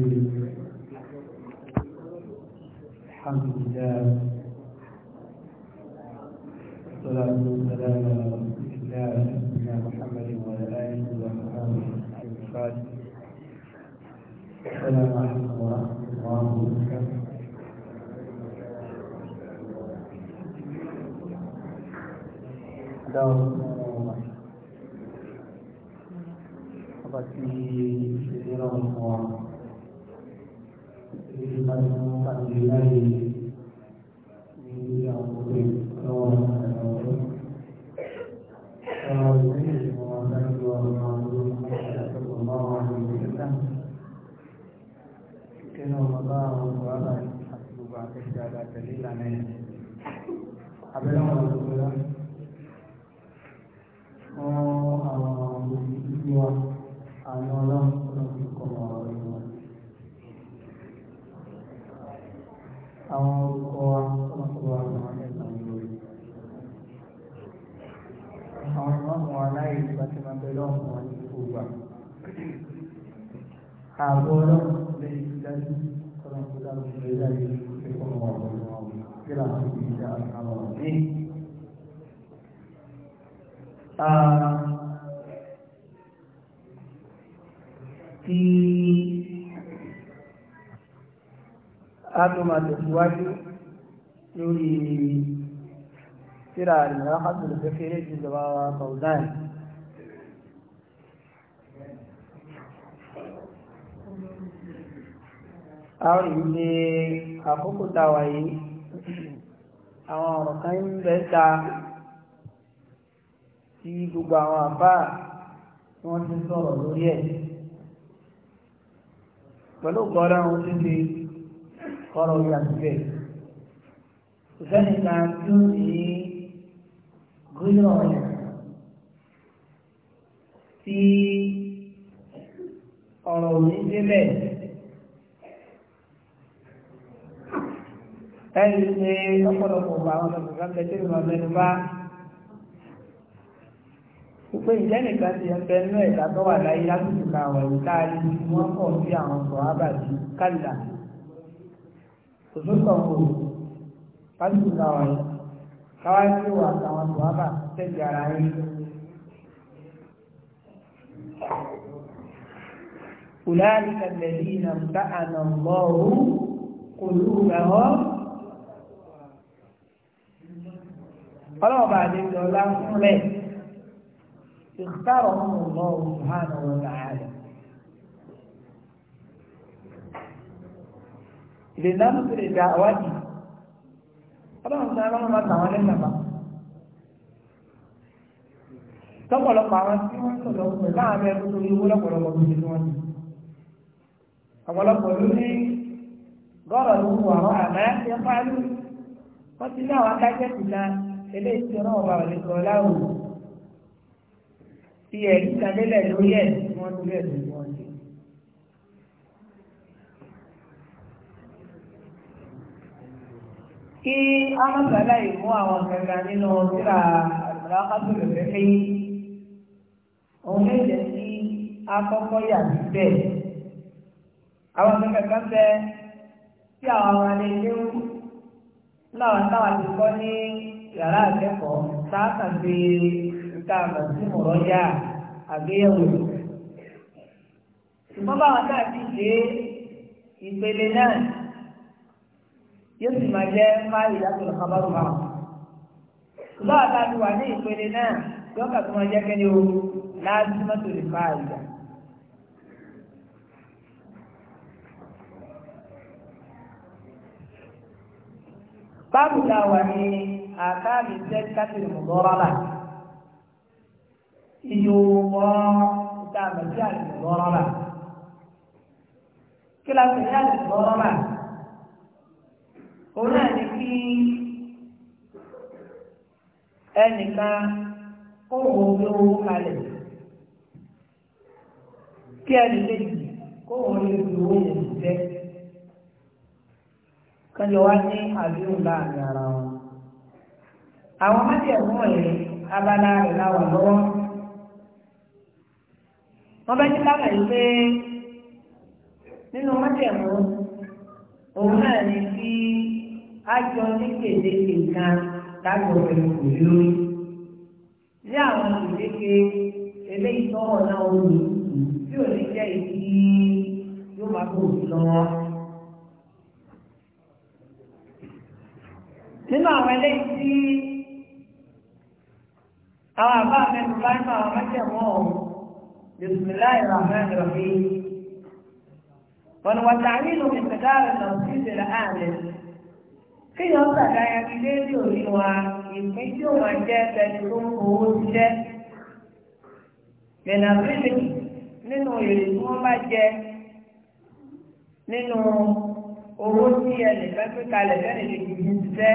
الحمد لله والصلاة والسلام على رسول الله سيدنا محمد وعلى آله وصحبه أجمعين السلام عليكم ورحمة الله وبركاته إلى حرامه kí a tó máa tẹ̀síwájú lórí síra àrìnà hàtùlù kékeré jù lọ́wọ́ wa kọ̀ọ̀dáì a rí ní àkókò tàwà yìí àwọn ọ̀rọ̀ kan ń bẹ ta tí gbogbo àwọn àbá tí wọ́n ti sọ̀rọ̀ lórí ẹ̀ pẹ̀lú gbọ́dọ̀ àwọn títí kọ́rọ̀ orí àtúbẹ̀ kò sẹ́ni kan tí ní gómìnà ọ̀yàn tí ọ̀rọ̀ òní débẹ̀ ẹni ṣe ọ̀pọ̀lọpọ̀ àwọn ọ̀sọ̀gbọ̀n kan tẹ́tí ìmọ̀ mẹ́nu bá pípé ìjẹ́ nìkan ti ẹgbẹ́ inú ẹ̀dá tó wà láyé lásìkò káwọn yìí káàrí wọ́n pọ̀ sí àwọn sọ̀ ábàdí kálà òṣùkọ̀ lásìkò káwọn yìí káwá sí wà àwọn sọ̀ ábà tẹ̀lé ara yín. أولئك الذين امتحن الله قلوبهم ọlọ́ọ̀bà àdéjọ láfún rẹ̀ ìkárọ̀ ọ̀hún lọ́wọ́ sùhánù ọ̀dà àlẹ́. ìdènà ń pèrè dá àwádìí ọlọ́run sáré wọn máa tàwọn lẹ́nu àbá. lọ́pọ̀lọpọ̀ àwọn tí wọ́n ń sọ̀rọ̀ pẹ̀lú láàárín ẹ̀rọ tó yẹ wó lọ́pọ̀lọpọ̀ tó yẹ kí wọ́n ti. ọ̀pọ̀lọpọ̀ ló ní gọ́ọ̀rọ̀ ló wù àwọn àmọ́ ẹ̀ fáálù wọ́n ti ní àwọn akájẹ́ eléyìí tí ọlọ́wọ́ bá wọlé sọ láwù fi ẹ̀rí kadélẹ̀ lórí ẹ̀ tí wọ́n ti rẹ̀ lórí wọn sí. kí amọ̀sálà yìí mú àwọn kankan nínú síra àgbàlá kásòlò fẹ́fẹ́ yìí òun lè jẹ́ sí akọ́kọ́ yà síbẹ̀ àwọn kankan kan bẹ́ẹ̀ tí àwọn ọmọ ilé ń táwọn ti kọ́ ní. yàrá akẹ́kọ̀ọ́ sáàkà sí nǹka àmọ̀tí mọ̀rọ́jà àgbéyẹ̀wò. ṣùgbọ́n báwọn náà ti dé ìpele náà yóò sì máa jẹ́ máàlì látọ̀lọ̀ kábàrò máa. ṣùgbọ́n àwọn náà ti wà ní ìpele náà yóò kà tó máa jẹ́ kẹ́ni o láti báwo la wà ní. أحكام الزكاة المضاربة يوما تعمل المضاربة كلا فعل المضاربة هنالك ẹnìkan ó wo bí owó kalẹ̀ kí ẹni léyìí kó wọn lè fi owó yẹn àwọn májèmú wọ̀nyí abala rẹ̀ láwà lọ́wọ́ wọ́n bá ti lábàá yìí pé nínú májèmú òun náà ní kí á jọ ní gbèdéke kan lágbo pẹ̀lú òbí lórí ní àwọn gbèdéke eléyìí tọ́wọ́ náà ó lò tí ò ní jẹ́ ìdí yóò máa kó òbí lọ́wọ́. nínú àwọn eléyìí tí àwọn àbá mẹ́nu báyìí máa mẹ́tẹ̀wọ́ ọ̀hún bisimilahi rahman rahim wọn wà tààrí ló fi tẹ̀dáàrẹ̀ lọ sí ìṣẹ̀lẹ̀ ààrẹ kí yọ sàdá ya ní lérí òní wa ìpín tí ó máa jẹ́ ẹni tó ń fowó ṣiṣẹ́ mẹ̀nàfíìsì nínú èrè tí wọ́n bá jẹ nínú owó tí ẹnìkan fi kalẹ̀ fẹ́ni lè fi ṣiṣẹ́.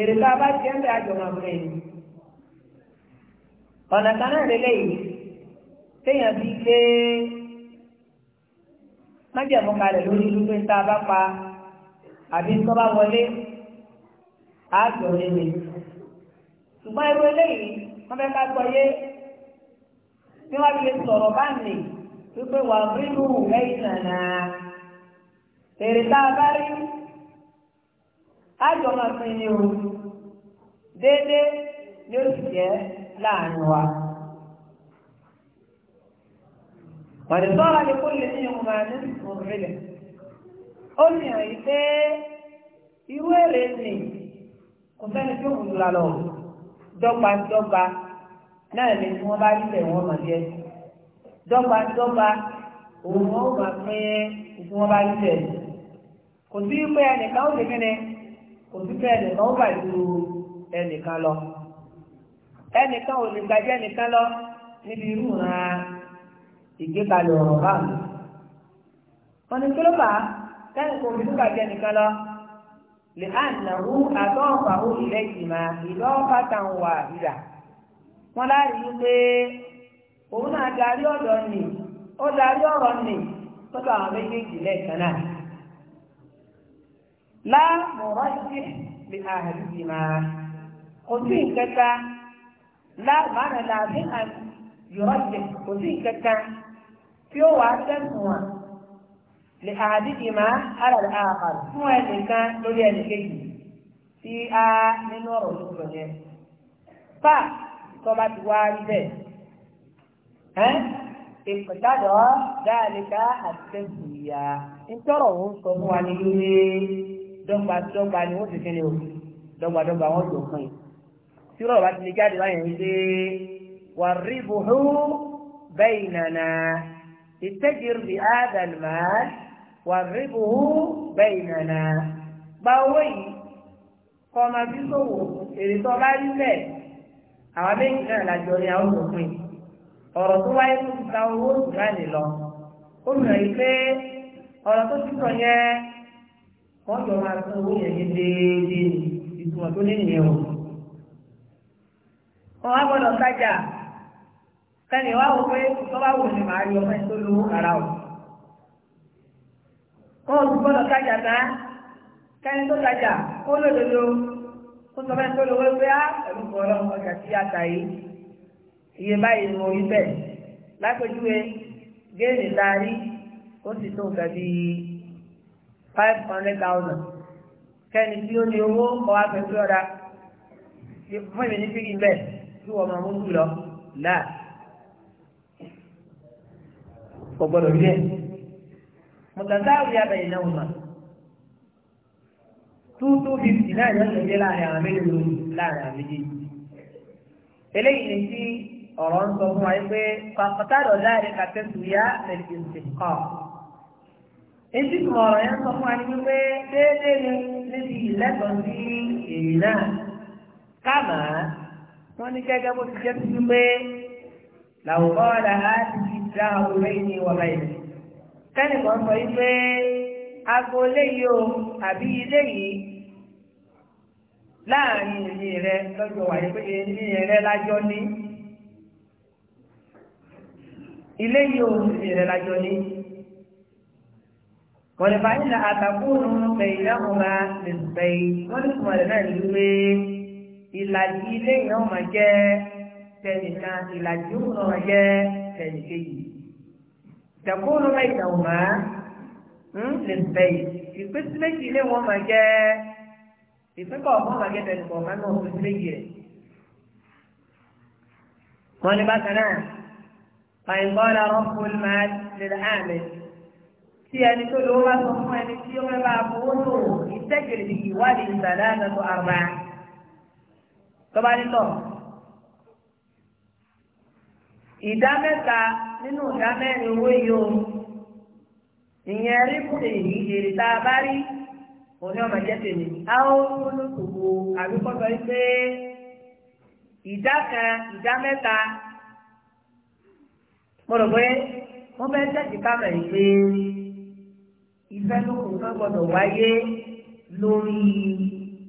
èrè bá jẹ́ ń bẹ àjọmọ̀ pé ọ̀nà kan náà téèyàn bíi pé májẹ̀mú kalẹ̀ lórí wípé tá a bá pa àbí tó bá wọlé á gbọ́ ṣùgbọ́n irú eléyìí wọ́n fẹ́ ká gbọ́ yé bí wọ́n fi sọ̀rọ̀ bá nì wípé ájọ máa fi ní o déédéé ni ó sì jẹ́ láàrin wa. Wàdí sọ́ra ni kó lè ní ọmọ àní òrìlẹ̀. Ó ní àyí pé irú èrè ni kò sẹ́ni tí òun lura lọ dọ́gbadọ́gba náà ni tí wọ́n bá rí tẹ̀ wọ́n mọ̀ jẹ́. Dọ́gbadọ́gba òun ó máa pín tí wọ́n bá rí tẹ̀. Kò sí pé ẹnìkan ó lè kí ni kò ẹnìkan ó bà ju ẹnìkan lọ ẹnìkan ò lè gbajẹ́ ẹnìkan lọ níbi irú ìran ìgbékalẹ̀ ọ̀rọ̀ báyìí wọ́n ní kí ló fà á kẹ́yìn kò lọ lè á nàrú ó ilẹ̀ ìgbìmọ̀ ìlọ́ọ̀fà táwọn wà òun náà darí nì ó darí ọ̀rọ̀ nì méjèèjì lẹ́ẹ̀kan náà. láàmùrọ̀ ìdí lè àhàlì bì máa kò sí ìkẹta láàmùrọ̀ làbí àti yọ̀rọ̀ ìdí kò sí ìkẹta tí ó wàá sẹ́kùn wọn lè àhàlì bì máa àrà àhà fún ẹnìkan lórí ẹnìkejì tí a nínú ọ̀rọ̀ lóṣù yẹn. fà tọ́ba ti wá rí bẹ́ẹ̀ ìpìtàdọ̀ dáadéka àti sẹ́kùn ìyá ń tọrọ òun sọ fún wa ní lórí dọ́gbadọ́gba ni wọ́n ti fi ní o dọ́gbadọ́gba wọ́n jọ fún yìí tí rọ̀ bá ti lè jáde báyìí ń ṣe wà rí buhú bẹ́ẹ̀ nànà ìtẹ́jìrì bí ádàlùmá wà rí buhú bẹ́ẹ̀ nànà gba bí sòwò èrè bá rí bẹ́ẹ̀ àwọn méjì náà lájọ ni àwọn jọ fún yìí ọ̀rọ̀ tó wáyé tó ti ta owó ìgbà nìlọ ó mìíràn yìí pé ọ̀rọ̀ tó ti sọ yẹn wọ́n jọ máa tún owó yẹn ní déédéé ní ìtumọ̀ tó nínú yẹn o. wọ́n wá gbọ́dọ̀ sájà kẹ́ni wá wò pé tó bá wò ní màá yọ ọmọ ẹ̀ tó lówó ara o. wọ́n tún gbọ́dọ̀ sájà náà kẹ́ni tó sájà kó lòdòdó kó sọ fẹ́ tó lówó pé á ẹ̀rù kọ́ ọlọ́run ọjà sí àtà yìí iye báyìí ni mo rí bẹ́ẹ̀ lápẹjúwe géèlì láàrí ó sì tó nǹkan bíi five hundred thousand kẹ́ni tí ó ní owó ọwọ́ afẹ́fẹ́ ọ̀dà fún èmi ní fíkì bẹ́ẹ̀ tí wọ́n máa mú lọ láà kò gbọ́dọ̀ rí ẹ̀ mọ̀tàtà àwùjọ abẹ́yẹ náà wò two two fifty náà yóò ṣe dé láàrin àwọn méjì lórí láàrin àwọn méjì eléyìí ni tí ọ̀rọ̀ ń sọ fún wa pé pàpàtàdọ̀ láàrin kàtẹ́sù yá lẹ́yìn ìsìnkọ́. Etí kò ọ̀rọ̀ yẹn sọ fún wa ní wípé déédéé ni níbi ìlẹ́tọ̀ọ́ sí èyí náà. Kámà wọ́n ní gẹ́gẹ́ bó ti jẹ́ tuntun pé làwùkọ́ ọ̀dà á ti fi dá òwe ní wọ̀lá ìlú. Kẹ́lì kan sọ wípé aago léyìí o àbí ilé yìí láàrin èyí rẹ lọ́jọ́ wáyé pé èyí rẹ lájọ́ ní. Ilé yìí o èyí rẹ lájọ́ ní. ولفعل أتكون بينهما نسبين ولكم لنا اليوم ìlàjì ilé yẹn ọmọ jẹ tẹnìkan ìlàjì òun ọmọ jẹ tẹnìkejì ìdàkóòrò bá ìdàwọ̀ máa ń lè bẹ̀ ìpèsè méjì ilé wọn máa jẹ ìpínkọ̀ ọ̀gbọ́n máa jẹ tẹnìkọ̀ máa ń lọ òun méjì rẹ̀. wọ́n ní bákan náà fàyìnbọ́n tí ẹni tó lówó bá sọ fún ẹni tí ó fẹ́ bá fowó lò ìtẹ́gìrì ìwádìí ìgbàlá àgbàdo àrà tọ́ba nítọ̀. ìdá mẹ́ta nínú ìdá mẹ́rin owó yìí o ìyẹn rí fún èyí èrè tá a bá rí òní ọmọ jẹ́ tèmi. àwọn olóṣogbo àbíkọ́sọ yìí pé ìdá kan ìdá mẹ́ta mo rò pé wọ́n fẹ́ tẹ̀sí kámẹ́rì pé ìfẹ́lókun kan gbọ́dọ̀ wáyé lórí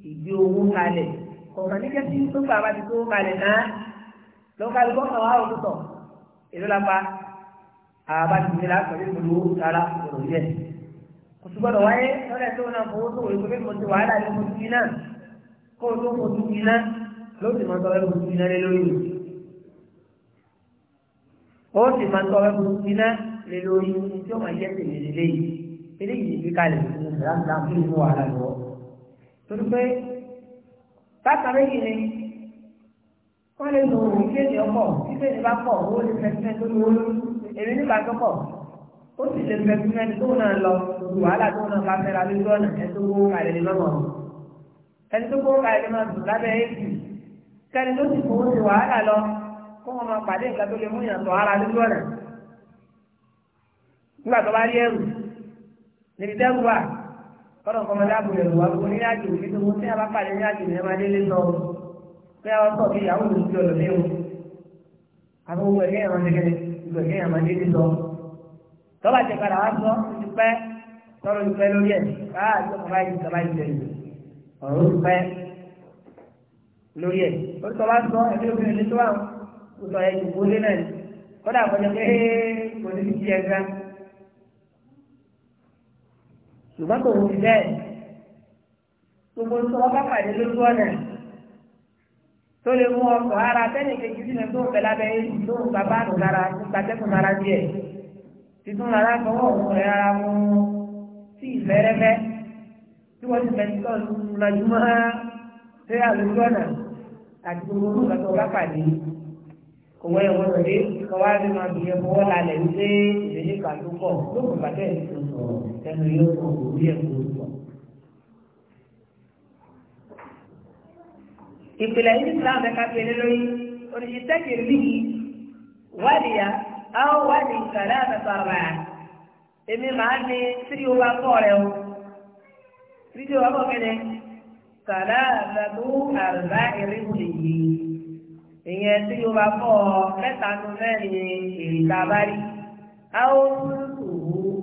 ìgbé owó kalẹ̀ ọ̀kan ní kẹ́sí tó gbà bá ti tó kalẹ̀ náà lọ́kàlù kọ́kàn wá òkú tọ̀ èrò lápá àbá ti nílá pẹ̀lú ìpolú rárá ọ̀rọ̀ yẹ kò sí gbọ́dọ̀ wáyé lọ́dẹ̀ tó náà fowó tó wòye pé mo ti wàhálà ní mo ti iná kó o tó mo ti iná ló sì máa tọrẹ mo ti iná lé lórí ó sì máa tọrẹ mo ti iná lé lórí tí ó máa jẹ́ tèmi lélẹ́yìí eléyìí ìgbé kalẹ̀ nínú ìdáná fún ìlú wàhálà lọ. torí pé bákan méjì ni wọ́n lè lo òun kéde ọkọ̀ títẹ̀ ní bá pọ̀ owó lè fẹ́fẹ́ tó ní olú èmi nígbà tó pọ̀ ó sì lè fẹ́fẹ́ tó náà lọ gbogbo wàhálà tó náà bá fẹ́ ra lójú ọ̀nà ẹni tó gbówó kalẹ̀ ní mọ́mọ́ ẹni tó gbówó kalẹ̀ ní máa lábẹ́ èsì kẹ́ni tó sì fowó ti wàhálà lọ kó wọn máa pàdé nǹkan tó lè mú ìyàtọ̀ ara lójú ọ̀nà nígbà tó bá rí ẹrù níbi tẹ́gùn wà kọ́nà kọ́mọ dáàbò rẹ̀ wà fún ní àjò òfin tó mú sí abápàdé ní àjò ìyẹn máa délé lọ pé àwọn sọ bí ìyàwó lòdì ọ̀rọ̀ léwu àwọn owó ẹ̀gẹ́ ìran gẹ́gẹ́ ìlú ẹ̀gẹ́ ìran délé lọ. tọ́ba jẹ padà wá sọ ti pẹ́ tọ́lọ́ ti pẹ́ lórí ẹ̀ káà àjọ kọ̀ọ̀bá yìí kọ̀ọ̀bá yìí lẹ́yìn ọ̀rọ̀ ti pẹ́ lórí ẹ̀ ó sọ sọ ẹ̀mí obìnrin ní tó wà ó ṣùgbọ́n kò wù bẹ́ẹ̀ gbogbo sọ̀rọ̀ bá pàdé lójú ọ̀nà tó lè mú ọkọ̀ ara tẹ́lẹ̀ kejì sínú tó ń bẹ lábẹ́ èyí tó ń gba báàlù lára tó ń gbàtẹ́kùn lára díẹ̀ títún lára fọwọ́ òun rẹ̀ ara mú sí ìfẹ́rẹ́fẹ́ tí wọ́n ti fẹ́ sọ lọ́júmọ́ ṣé àlùjọ ọ̀nà àti gbogbo olùkọ́ tó bá pàdé kò wọ́n yẹ wọ́n rẹ̀ kọ́ wá rí wọn bí ẹ fọwọ́ lálẹ́ wípé ìrẹ́lẹ́ kan tó pọ̀ lókùn bàtẹ́ ìlú sọ̀rọ̀ ẹnu yóò kàn orí ẹ̀ kó sọ. ìpìlẹ̀ yìí ti láwọn ẹ̀ka pèlè lórí oníṣẹ́ kìrìlì wádìyà àwọn wádìí ìkàlẹ̀ àtàtà àbà èmi màá ní tírí owó akọ́ rẹ̀ o tírí owó akọ́ kẹ́lẹ́ kàlẹ́ àtàtà àbà ìrìbùlì yìí ìyẹn tírí owó akọ́ mẹ́ta nù mẹ́rin èrè tàbárí. àwọn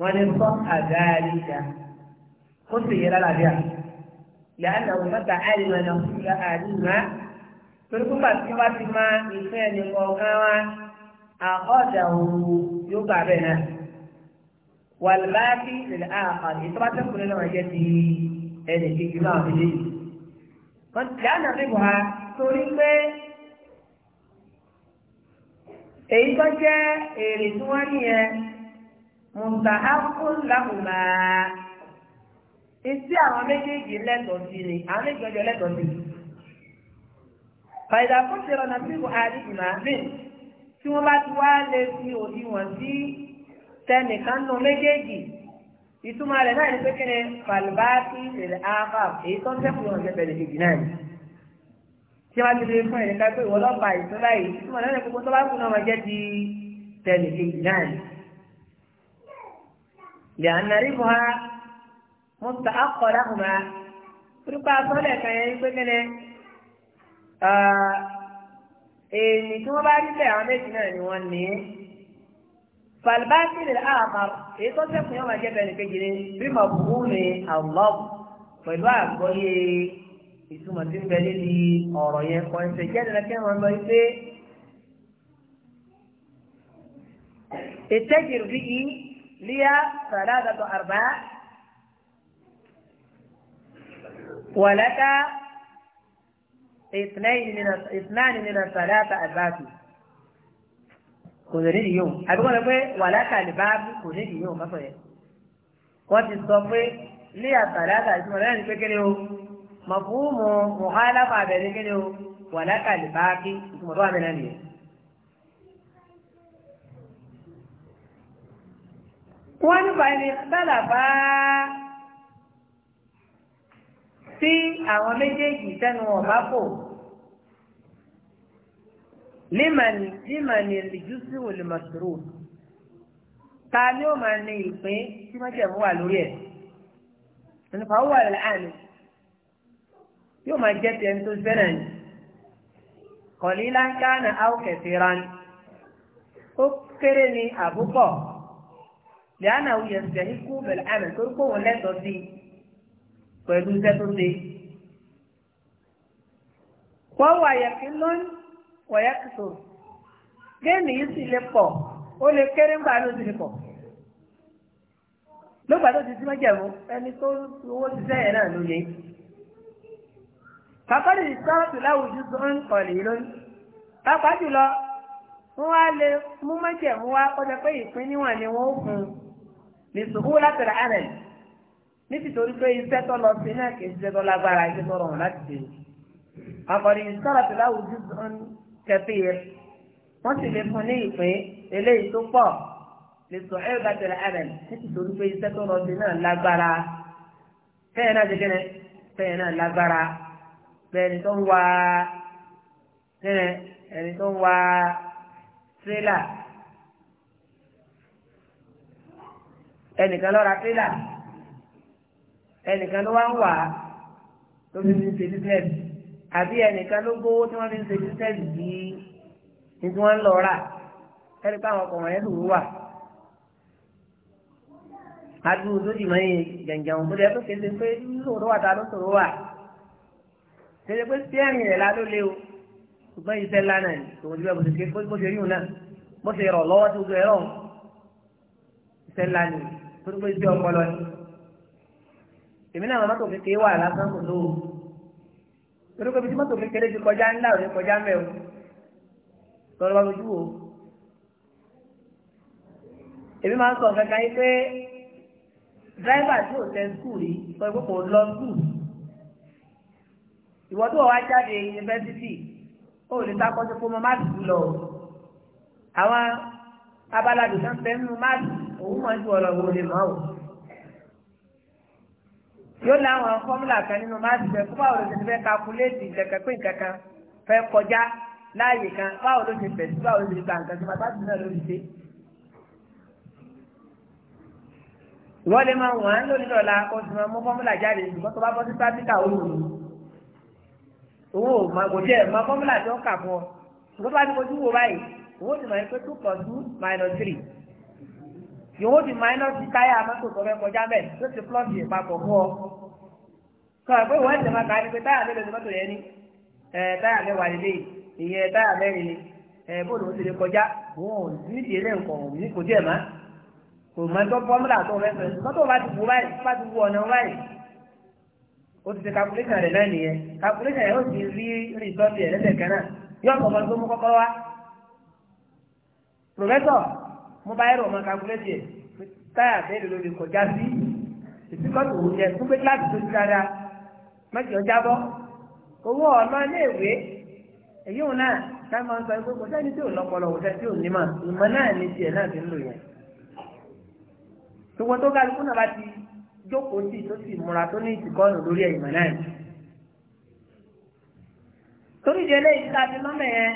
wọ́n ní sọ ya ó sì yẹ lára bíà lẹ́yìn àwọn mẹ́ta àìmọ̀ náà fún àdúrà torí ti máa ìfẹ́ ẹni kọ̀ọ̀kan wá àkọ́ọ̀dà òru yóò gbà bẹ́ẹ̀ náà wàlúbáàkì ndị àkàlì ìtọ́bátẹ́kùn nínú ọ̀jẹ́ ti ẹnì kejì náà fi lé yìí. wọ́n torí pé èyí tó jẹ́ èrè tí wọ́n ní yẹn. mùtà ákúnláhùnmá etí àwọn méjèèjì lẹ́tọ̀ọ́ sí ni àwọn méjèèjì ọjọ́ lẹ́tọ̀ọ́ sí ni. fàyidà kó ṣèrọ náà sí buhari ìmàmín tí wọ́n bá ti wá lè fi òdiwọ̀n sí tẹnìkan nù méjèèjì ìtumọ̀ rẹ̀ náà ní pé kí ni falibaki lèlè áfà èyí tó ń tẹ́kù wọn lẹ́bẹ̀ẹ́ lè jìnnà ni. tí wọ́n ti lè fún ẹ̀ríkà pé ìwọ́lọ́ba ìtura yìí ìtumọ̀ náà ní gbogbo tó bá kú náà máa jẹ́ لأن ربها مستحق لهما ربا صلك يقول èyí tí wọ́n bá rí bẹ́ẹ̀ àwọn méjì náà ni wọ́n ní falibasi lè àmàr èyí ìtumọ̀ tí ń bẹ ọ̀rọ̀ yẹn kọ́ lọ ètẹ́jì rí لي ثلاثة أرباع ولك اثنين من اثنان من الثلاثة أرباع kò lè nídìí yóò àbíkọ́ lọ pé wàlákà lè bá bí kò nídìí yóò má sọ̀yẹ́ wọ́n ti sọ pé lé àtàlákà tí lẹ́yìn pé kéde o mọ̀ fún mọ̀ kéde o wàlákà lè bá kí ìtumọ̀ tó wà mí náà nìyẹn. wọ́n ní báyìí sálà bá sí àwọn méjèèjì sẹ́nu ọ̀bá fò límàní límàní ìlú sí olùmọ̀sòrò ta ni ó máa ní ìpín tí wọ́n jẹ̀mú wà lórí ẹ̀ nípa ó wà láàánú yóò máa jẹ́ tiẹ̀ tó fẹ́ràn yìí kọ̀lí láńkà náà áwòkẹ̀sí rán ó kéré ní àbúkọ̀ lẹ́yìn àwọn yẹ̀sẹ̀ ní kú bẹ̀rẹ̀ àmì tó kó wọn lẹ́tọ̀ọ́ sí pẹ̀lú iṣẹ́ tó ṣe. wọ́n wà yẹ̀kí lónìí wọ̀yẹ́ kìtò géèmì yìí sì lè pọ̀ ó lè kéré ńgbà ló sì lè pọ̀ lóògbà tó ti sí mọ́jẹ̀mú ẹni tó owó ti sẹ́yìn náà ló lé. kàkọ́lì sáàtù lìsùkú láti rà ánẹ̀ nítorí pé iṣẹ́ tó lọ sí náà kì í ṣe tó lágbára iṣẹ́ tó rọrùn láti dé àkọ́ni sọ̀rọ̀ tó láwùjọ kẹfì rẹ̀ wọ́n sì lè fún ní ìpín eléyìí tó pọ̀ lìsùkú láti rà ánẹ̀ nítorí pé iṣẹ́ tó lọ sí náà lágbára fẹ́ẹ̀ náà ṣe kẹ́nẹ́ fẹ́ẹ̀ náà lágbára bẹ́ẹ̀ni tó ń wá ẹni tó ń wá tírélà. ẹnìkan lọ́ra tírélà ẹnìkan ló wá ń wà á tó fi fi ń ṣe bísẹ́ẹ̀lì àbí ẹnìkan ló gbówó tí wọ́n fi ń ṣe bísẹ́ẹ̀lì bí ní tí wọ́n ń lọ rà ẹni pé àwọn ọkọ̀ wọ̀nyẹn lòún wà. adúlù tó dì mọ́yìn jẹ̀ǹjẹ̀ǹ tó dẹ́ tó kéde pé lóòrò wà tá ló sòrò wà kéde pé sẹ́yìn rẹ̀ la lé o ṣùgbọ́n iṣẹ́ ńlá náà ni tòun ti bẹ́ẹ̀ bó ṣe rí òun náà bó ṣe rọ̀ lọ́wọ́ tó gbẹ torí pé iṣẹ́ ọpọlọ ni èmi náà mọ́tò kékeré wà lásán kò lówó torí pé ibi mọ́tò kékeré ti kọjá ńlá ò ní kọjá mẹ́wò tọ́lọ́ bá lójú wò èmi máa ń sọ kankan yìí pé dírẹ́fà tí ò tẹ skul yìí sọ pé kò lọ skul ìwọ tó wá jáde yunifásitì ó lè sá kọ́sí fún mọ́ má dùn lọ àwọn abaládùn náà fẹ́ nínú máàlì òun máa ń ju ọ̀rọ̀ wo lè mọ́ o. yóò láwọn fọ́múlà kan nínú máàlì fẹ́ kó báwo ló ṣe fẹ́ kakuléètì ìjẹ̀kẹ́ pé nǹkan kan fẹ́ kọjá láàyè kan báwo ló ṣe fẹ̀ sí báwo ló ṣe gba nǹkan sí bàbá àdúrà lórí ṣe. ìwọ́n lè máa wọ̀n án lónìí lọ́la kó sì máa mú fọ́múlà jáde ṣùgbọ́n tó bá bọ́ sí pátíkà òun òun ò máa kò jẹ́ máa fọ́múlà tó kà fún ọ ṣùgbọ́n tó bá ti kojú wo báyìí you hold mọ̀ ẹ́ pé two plus two minus three hold the minus ti táyà mọ́tò to fẹ́ kọjá bẹ́ẹ̀ tó ti plus yìí papọ̀ fún ọ. sọ pé ìwọ ẹsẹ̀ máa kà á ní pé táyà mélòó ni mọ́tò yẹn ní to mẹ́wàá lè léyìí kọjá wọn ò ní ìdí eré nǹkan ò ní kò díẹ̀ má kò mọ ẹgbẹ́ fọ́múlà tó fẹ́ fẹ́ bá ti báyìí bá ti ọ̀nà báyìí ti ṣe calculation rẹ̀ náà nìyẹn calculation yẹn ti rí rìsọ́ọ̀tì ẹ̀ lẹ́sẹ̀ kan náà yóò tó mú kọ́kọ́rọ́ wá pòfẹ́sọ̀ mo bá ẹ̀rọ ọmọ kakulétì ẹ̀ táyà bẹ́ẹ̀ ló lè kọjá sí ìsìkọ́tù òun yẹ fún pé kíláàsì tó ti dára mọ́tì ọjà bọ́ owó ọ̀nà iléèwé èyí òun náà táwọn sọ pé kò sẹ́ni tí ò lọ́pọlọ kò sẹ́ni tí ò nímọ̀ ìmọ̀ náà ní tiẹ̀ náà ti ń lò yẹn. ṣùgbọ́n tó kálukú náà bá ti jókòó sí tó sì múra tó ní ìsìkọ́nù lórí ìmọ̀ náà. torí ìdílé ìta ti lọ́mọ yẹn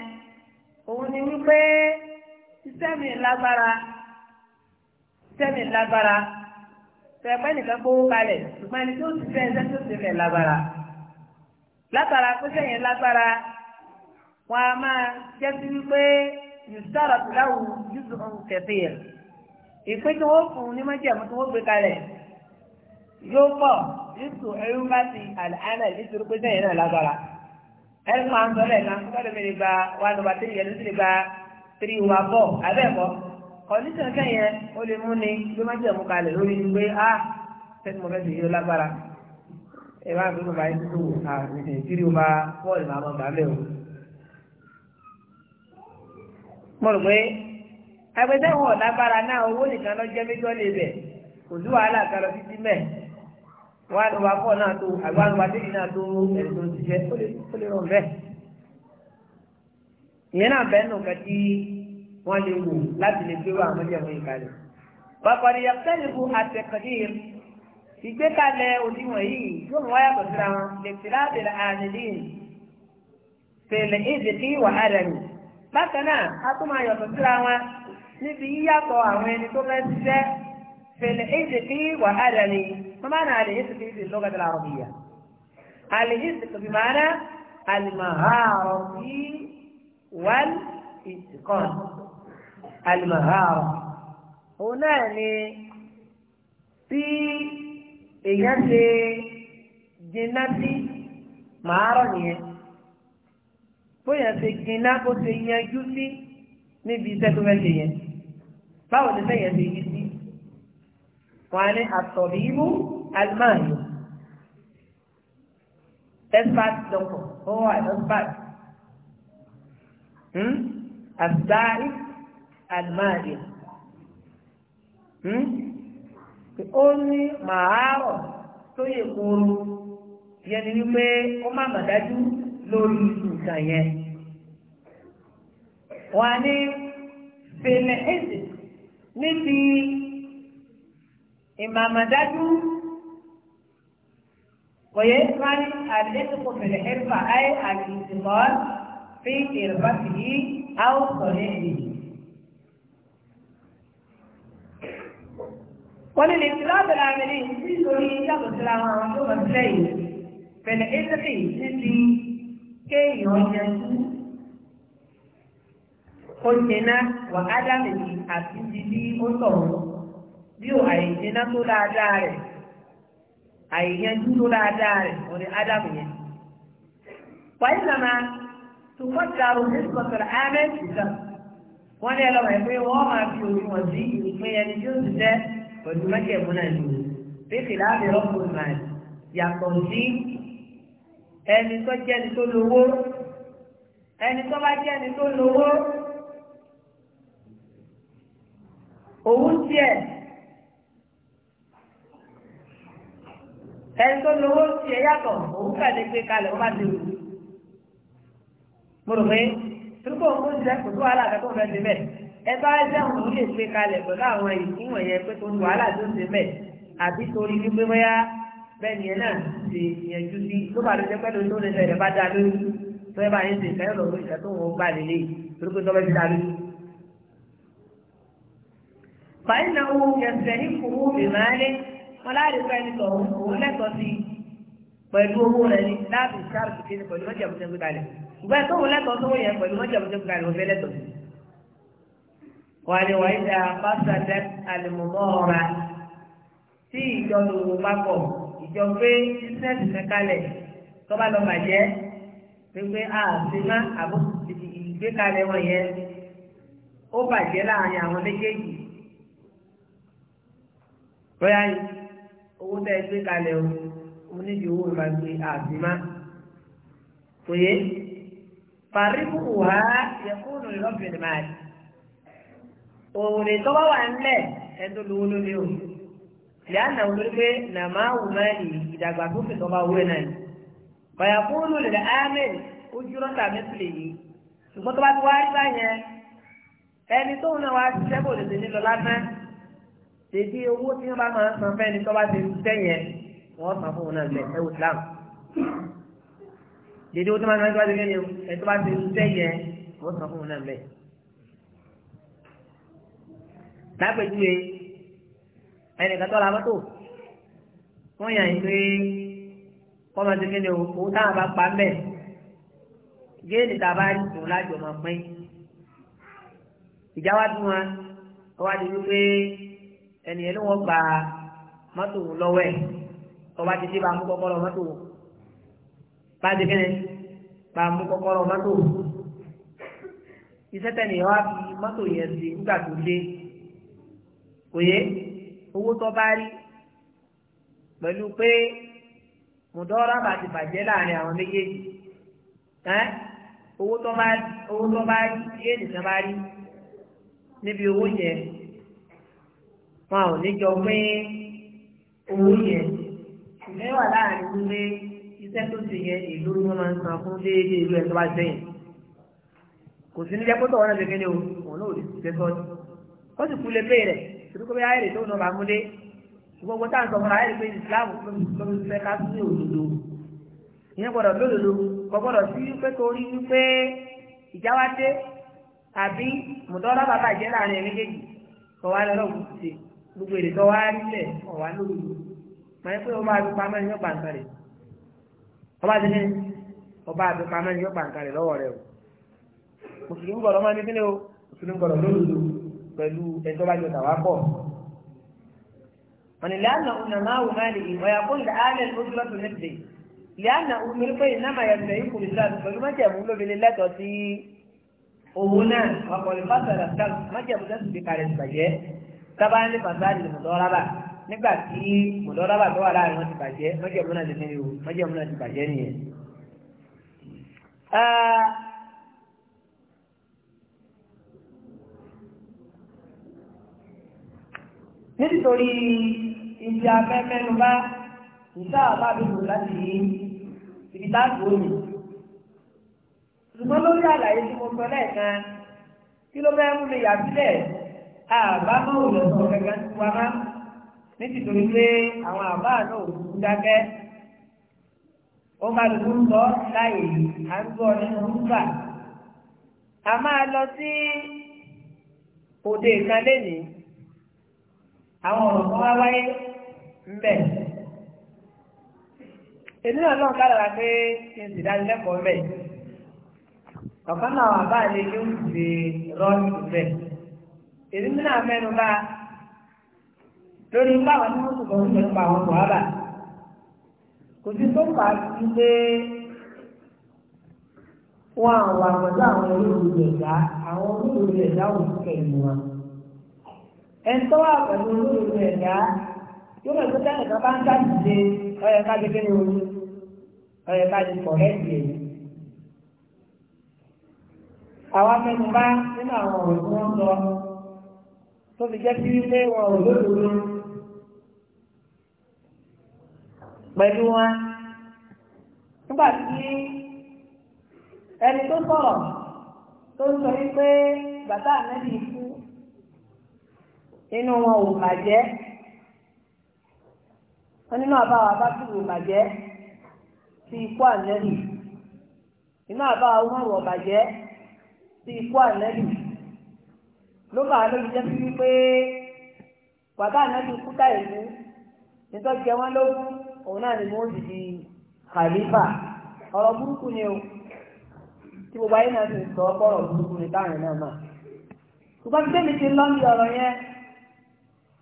òun ni wípé iṣẹ́ mi lágbára iṣẹ́ mi lágbára tẹ̀pẹ́ nìkan gbówó kalẹ̀ ṣùgbọ́n ẹni tí ó ti fẹ́ ẹsẹ́ tó ti fẹ́ lágbára látara pẹ́sẹ́ yẹn lágbára wọn a máa jẹ́ sí wípé yùsọ̀rọ̀ tìláwù yùsọ̀ kẹfẹ́ yẹn ìpín tí wọ́n fún un ní mọ́jẹ̀mú tí wọ́n gbé kalẹ̀ yóò pọ̀ yíṣù ẹrú bá ti àlànà nítorí pé sẹ́yìn náà lágbára ẹ̀rù máa ń sọ lẹ́ẹ̀kan kọ́lẹ́mì lè gba one over three yẹn ló gba three over four abẹ́ẹ̀kọ́ kọ́ndíṣàn kẹ́yìn ó lè mú ni bí wọ́n jẹ̀mú kalẹ̀ lórí pé a ah, tẹ́tí mo fẹ́ fi lágbára ẹ bá fi bàbá yín tó wò three four bàbá o. mo rò pé agbẹ́sẹ̀ wọn lágbára náà owó nìkan lọ jẹ́ méjọ́ lè bẹ̀ kò sí wàhálà títí mẹ́ náà tó àgbà náà tó ìyẹn náà bẹ́ẹ̀ nù kẹ́tí wọ́n lè wò láti lè gbé àwọn ọmọdéwọ̀n yìí kalẹ̀. pàpàdé yàtọ̀lẹ́bù àtẹ̀kọ̀dé ìgbékalẹ̀ òdiwọ̀n yìí yóò mú wáyà pẹ̀lú àwọn lẹ́tìrá àbẹ̀rẹ̀ àdìdín fèlè ìdìdí wà àdàmì. bákan náà a tún máa yọ̀tọ̀ síra wọn níbi yíyàtọ̀ àwọn ẹni tó fẹ́ ṣiṣẹ́ fèlè ìdìdí wà àdàmì mọ́mánà àlè ìsìkì ìdìdí lọ́gàdàlà àrọ̀bìyà àlè ìsìkì bìmọ̀ wal ìtìkọ́n alimaharo òun náà ni tí èèyàn ṣe jìnnà sí màárọ̀ nìyẹn bóyá ṣe jìnnà ó ṣe yanjú sí níbi iṣẹ́ tó fẹ́ ṣe yẹn báwo ni sẹ́yìn ṣe yí sí wọn ni àtọ̀bí ibú alimáàlú expert doctor ó wà expert àbáyé hmm? hmm? àlùmáàdì ó ní màárọ̀ tó yẹ kóró yẹn ni wípé ó má mà dájú lórí nǹkan yẹn wọn ní fèlè ẹsẹ níbi ìmàmàdájú kò yẹ kí wọn ní àdéhùn kò fèlè ẹsẹ ayé àti ìsìnkọ́. fi ìrìbátì yìí a ó sọ̀rọ̀ èyí. wọ́n ní lè tìlá bẹ̀rẹ̀ àmìlí nítorí yàtọ̀ síra tó wọ́n sílẹ̀ yìí bẹ̀rẹ̀ ẹ̀sẹ̀kì níbi kéèyàn yanjú ó jẹná wà ádámì àti bíbí ó sọ̀rọ̀ bí ó tó dáadáa rẹ̀ tó dáadáa rẹ̀ ní tùmọ̀tàrù nípasẹ̀ ahmed ìtàn wọ́n ní ẹlọ́wọ̀ ẹgbẹ́ wọ́n máa fi òṣùwọ̀n sí ìpín ẹni tí ó ti jẹ́ pẹ̀lú mẹ́kẹ̀mú náà ni bíkì láàbì rọ́pò náà yàtọ̀ sí ẹni tó jẹ́ ẹni tó lówó ẹni tó bá jẹ́ ẹni tó lówó òun tiẹ̀ ẹni tó lówó tiẹ̀ yàtọ̀ òun kàdé gbé kalẹ̀ wọ́n bá ti rù mo rò pé tókò ó ń jẹ kò tó wàhálà àtàkùn fẹ́ ti bẹ́ẹ̀ ẹ bá jẹun ló lè gbé kalẹ̀ pẹ̀lú àwọn ìpínwọ̀n yẹn pé torí wàhálà tó ń ṣe bẹ́ẹ̀ àbí torí wípé bóyá bẹ́ẹ̀ ni ẹ náà ṣe ìyẹnjú sí tó bá lóṣẹ pẹ́ lóṣù lóṣù rẹ̀ bá dá lórí tó ẹ bá yẹn ṣe ìfẹ́ lọ́wọ́ ìṣẹ́ tó wọn gbà lélẹ̀ torí pé tọ́lẹ́ ti dá lórí. fàyín náà wo ẹsẹ̀ ìfowó ìmọ̀lẹ́ wọn láàrin fẹ́ ní tọ̀hún òun lẹ́tọ̀ọ́ sí pẹ̀lú owó rẹ̀ ní láàbì sáà ṣùgbọ́n ẹ̀tọ́ wo lẹ́tọ̀ọ́ sówó yẹn pẹ̀lú mọ́jàmọ́jọ́ kan ló fẹ́ lẹ́tọ̀ọ́ sí. wà ní wàá ìdá fásitì àlùmọ́mọ́ ọ̀ra tí ìjọba òwò bá pọ̀ ìjọba ṣíṣẹ́ẹ̀tì kankalẹ̀ tó bá lọ bàjẹ́ pépé àṣemá ìgbékalẹ̀ wọn yẹn ó bàjẹ́ láàrin àwọn méjèèjì bóyá owó tẹ́ ẹ gbé kalẹ̀ o onídìí owó ìbá gbé àṣemá kò fàríkùwá yẹkùnù lọ́bìnrin máa di òòrè tó bá wà ńlẹ̀ ẹ̀dùn lówó lórí o ìyá àná olórí pé nàmá wù máa ní ìdàgbàsókè tó bá wúrẹ́ náà ni fàyàkùnù lè ámì ojú rọ́tà mẹ́sìlẹ̀ yìí ṣùgbọ́n tó bá ti wá rí báyẹn ẹni tó ń náà wá ṣiṣẹ́ kò lè ṣe nílọ lásán ṣèdí owó tí wọ́n bá máa san fẹ́ni tó ti ṣiṣẹ́ yẹn wọ́n san fún òun náà lẹ̀ ẹ̀wù dèdè owó tó máa ń gbàdúrà lórí ẹni ẹ tó bá ti ṣiṣẹ́ yẹn wọ́n sọ fún un náà mẹ́. lápẹjúwe ẹnìkan tó la mọ́tò wọ́n yàn yín pé kọ́ máa ti kí ni owó táwọn bá pa mẹ́ géèlì tá a bá rí lájọ máa pín ìjà wá dùn wọn wọ́n di wípé ẹnìyẹn ló wọ́n gba mọ́tò lọ́wọ́ ẹ̀ ọba ti dé bá mú kọ́kọ́rọ́ mọ́tò wọn bá ti kẹ́ni bá mú kọ́kọ́rọ́ mọ́tò iṣẹ́ tẹ̀ nìyẹn wá fi mọ́tò yẹn sí nígbà tó dé kò yẹ owó tó bá rí pẹ̀lú pé mùdọ́rà bá ti bàjẹ́ láàrin àwọn méjèèjì owó tó bá owó tó bá rí yé nìkan bá rí níbi owó yẹn wọn ò ní jọ pé owó yẹn ìfẹ́ wà láàrin wípé iṣẹ́ tó ṣe yẹn ìlú ni wọ́n máa ń san fún déédéé ìlú ẹ̀ bá sẹ́yìn kò sí ní pọ́tọ̀ wọn náà ṣẹ́kẹ́ ní o òun náà ò lè ṣiṣẹ́ sọ́ọ̀tì ó sì kú lè pé rẹ̀ torí pé bóyá èrè tó ń lọ bá múlé ṣùgbọ́n táà ń sọ fún ara pé ìsìláàmù ló ń fẹ́ ká sí òdodo ìyẹn gbọ́dọ̀ lódodo kò gbọ́dọ̀ sí pé torí wípé ìjà wá mùtọ́lá bàbá ìjẹ́ láàrin méjèèjì kò wá lọ́wọ́ ṣe gbogbo èrè tó wá rí lẹ̀ kò mọ̀ ẹ́ pé ó máa fi pamọ́ ní ọ̀pá nǹkan rẹ̀ ọba ti ní ọba àti pamẹ́ ni yóò pa nǹkan rẹ̀ lọ́wọ́ rẹ̀ o mùsùlùmí gbọ́dọ̀ máa ní kíni o mùsùlùmí gbọ́dọ̀ lódodo pẹ̀lú ẹjọ́ bá jọ tàwa pọ̀. wọn ni lẹ́yìn ọ̀nà máa wù máa nìyí ọ̀yà kó ìlà áálẹ̀ lójú lọ́tọ̀ nídìí lẹ́yìn ọ̀nà pé ìnáma yàtọ̀ yìí kùrì sáà pẹ̀lú májẹ̀mú lóbìnrin lẹ́tọ̀ sí owó náà ọkọ̀ ìfásọ̀rọ̀ sáà májẹ̀mú lẹ́sùn ti kàrẹ̀ ìbàjẹ́ tábà ní fàṣà nígbà tí mọ̀lọ́rọ́bà tó wà láàrin wọn ti bàjẹ́ mọ́jẹ̀mú náà ti ní o mọ́jẹ̀mú náà ti bàjẹ́ nìyẹn. nítorí ìjà mẹ́mẹ́nu bá ìṣá àbábìnrin láti ibi táàbù omi ṣùgbọ́n lórí àlàyé tí mo sọ lẹ́ẹ̀kan kí ló fẹ́ mú mi yà sílẹ̀ àbámọ̀ òyìnbó gẹ́gẹ́ tí wàá máa nítorí pé àwọn àbá náà ò dákẹ́ ó bá lùkú ń lọ láàyè à ń gbọ́ nínú rúbà a máa lọ sí òde kan lénìí àwọn ọ̀rọ̀ kan wá wáyé ń bẹ̀ èmi náà lọ́n kára pé kí n sì dá lẹ́kọ̀ọ́ bẹ̀ ọ̀kan náà àbá lè yóò ṣe rọ́ọ̀nù bẹ̀ èmi náà mẹ́nu bá lórí báwọn tí wọ́n sì lọ́wọ́ nípa àwọn bùhábà kò sí tó fà á sí pé wọn àwọn àmọ́tá àwọn olóògbé ẹ̀dá àwọn olóògbé ẹ̀dá ò sí kẹ̀yìn wọn. ẹni tó wà pẹ̀lú olóògbé ẹ̀dá yóò lọ sí tẹ́lẹ̀ kan bá ń ṣàtìṣe ọyẹ ká gẹ́gẹ́ ní orí ọyẹ ká di pọ̀ ẹ̀sì ẹ̀. àwa mẹ́nu bá nínú àwọn ọ̀rọ̀ tí wọ́n sọ tó fi jẹ́ sí wípé wọn ò lóògbé pẹ̀lú wọn nígbà tí ẹni tó sọ̀rọ̀ tó sọ wípé bàbá ànábì kú inú wọn ò bàjẹ́ wọn nínú àbáwá bá tù ò bàjẹ́ sí ikú ànábì inú àbáwá wọn ò bàjẹ́ sí ikú ànábì ló bá a òun náà ni mo ti di khalifa ọ̀rọ̀ burúkú ni o tí gbogbo ayé náà ti sọ ọ̀rọ̀ burúkú ni táwọn náà mà ṣùgbọ́n tí tẹ́mi ti lọ́ ní ọ̀rọ̀ yẹn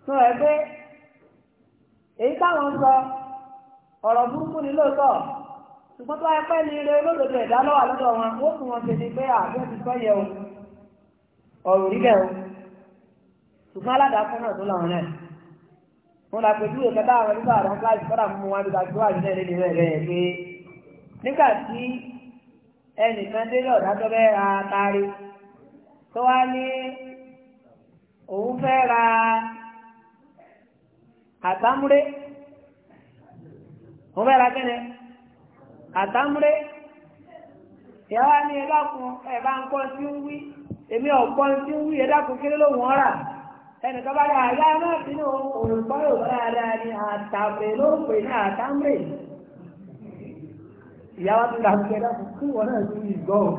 sọ ẹ pé èyí táwọn sọ ọ̀rọ̀ burúkú ni lóòótọ́ ṣùgbọ́n tó wáyé pẹ́ ní eré ẹ̀dá lọ́wọ́ wọn ó fún wọn ṣe ni pé àbẹ́ ti sọ yẹ o ọ̀rọ̀ wọn la pẹ̀lú ìwé kẹta àwọn nígbà àwọn kíláàsì kọ́dà mú wọn nígbà tó wà nílẹ̀ lẹ́nu rẹ̀ rẹ̀ pé nígbà tí ẹnìkan délé ọ̀dà tó ra tari tó wá ní òun fẹ́ ra àtàmúré òun fẹ́ ra kẹ́nẹ́ àtàmúré ìyáwá ní ẹ̀dá kun ẹ̀ bá ń kọ́ sí ń wí èmi ọ̀pọ̀ sí ń wí ẹ̀dá kun kéré ló wọ́n ẹnì kan bá ní àyà náà sínú olùkọ́ yóò bá dáadáa ní àtàmì ló ń pè ní àtàmì ìyáwó ti ta fún ẹ̀dá kí wọn náà tún ìgbọ́ ò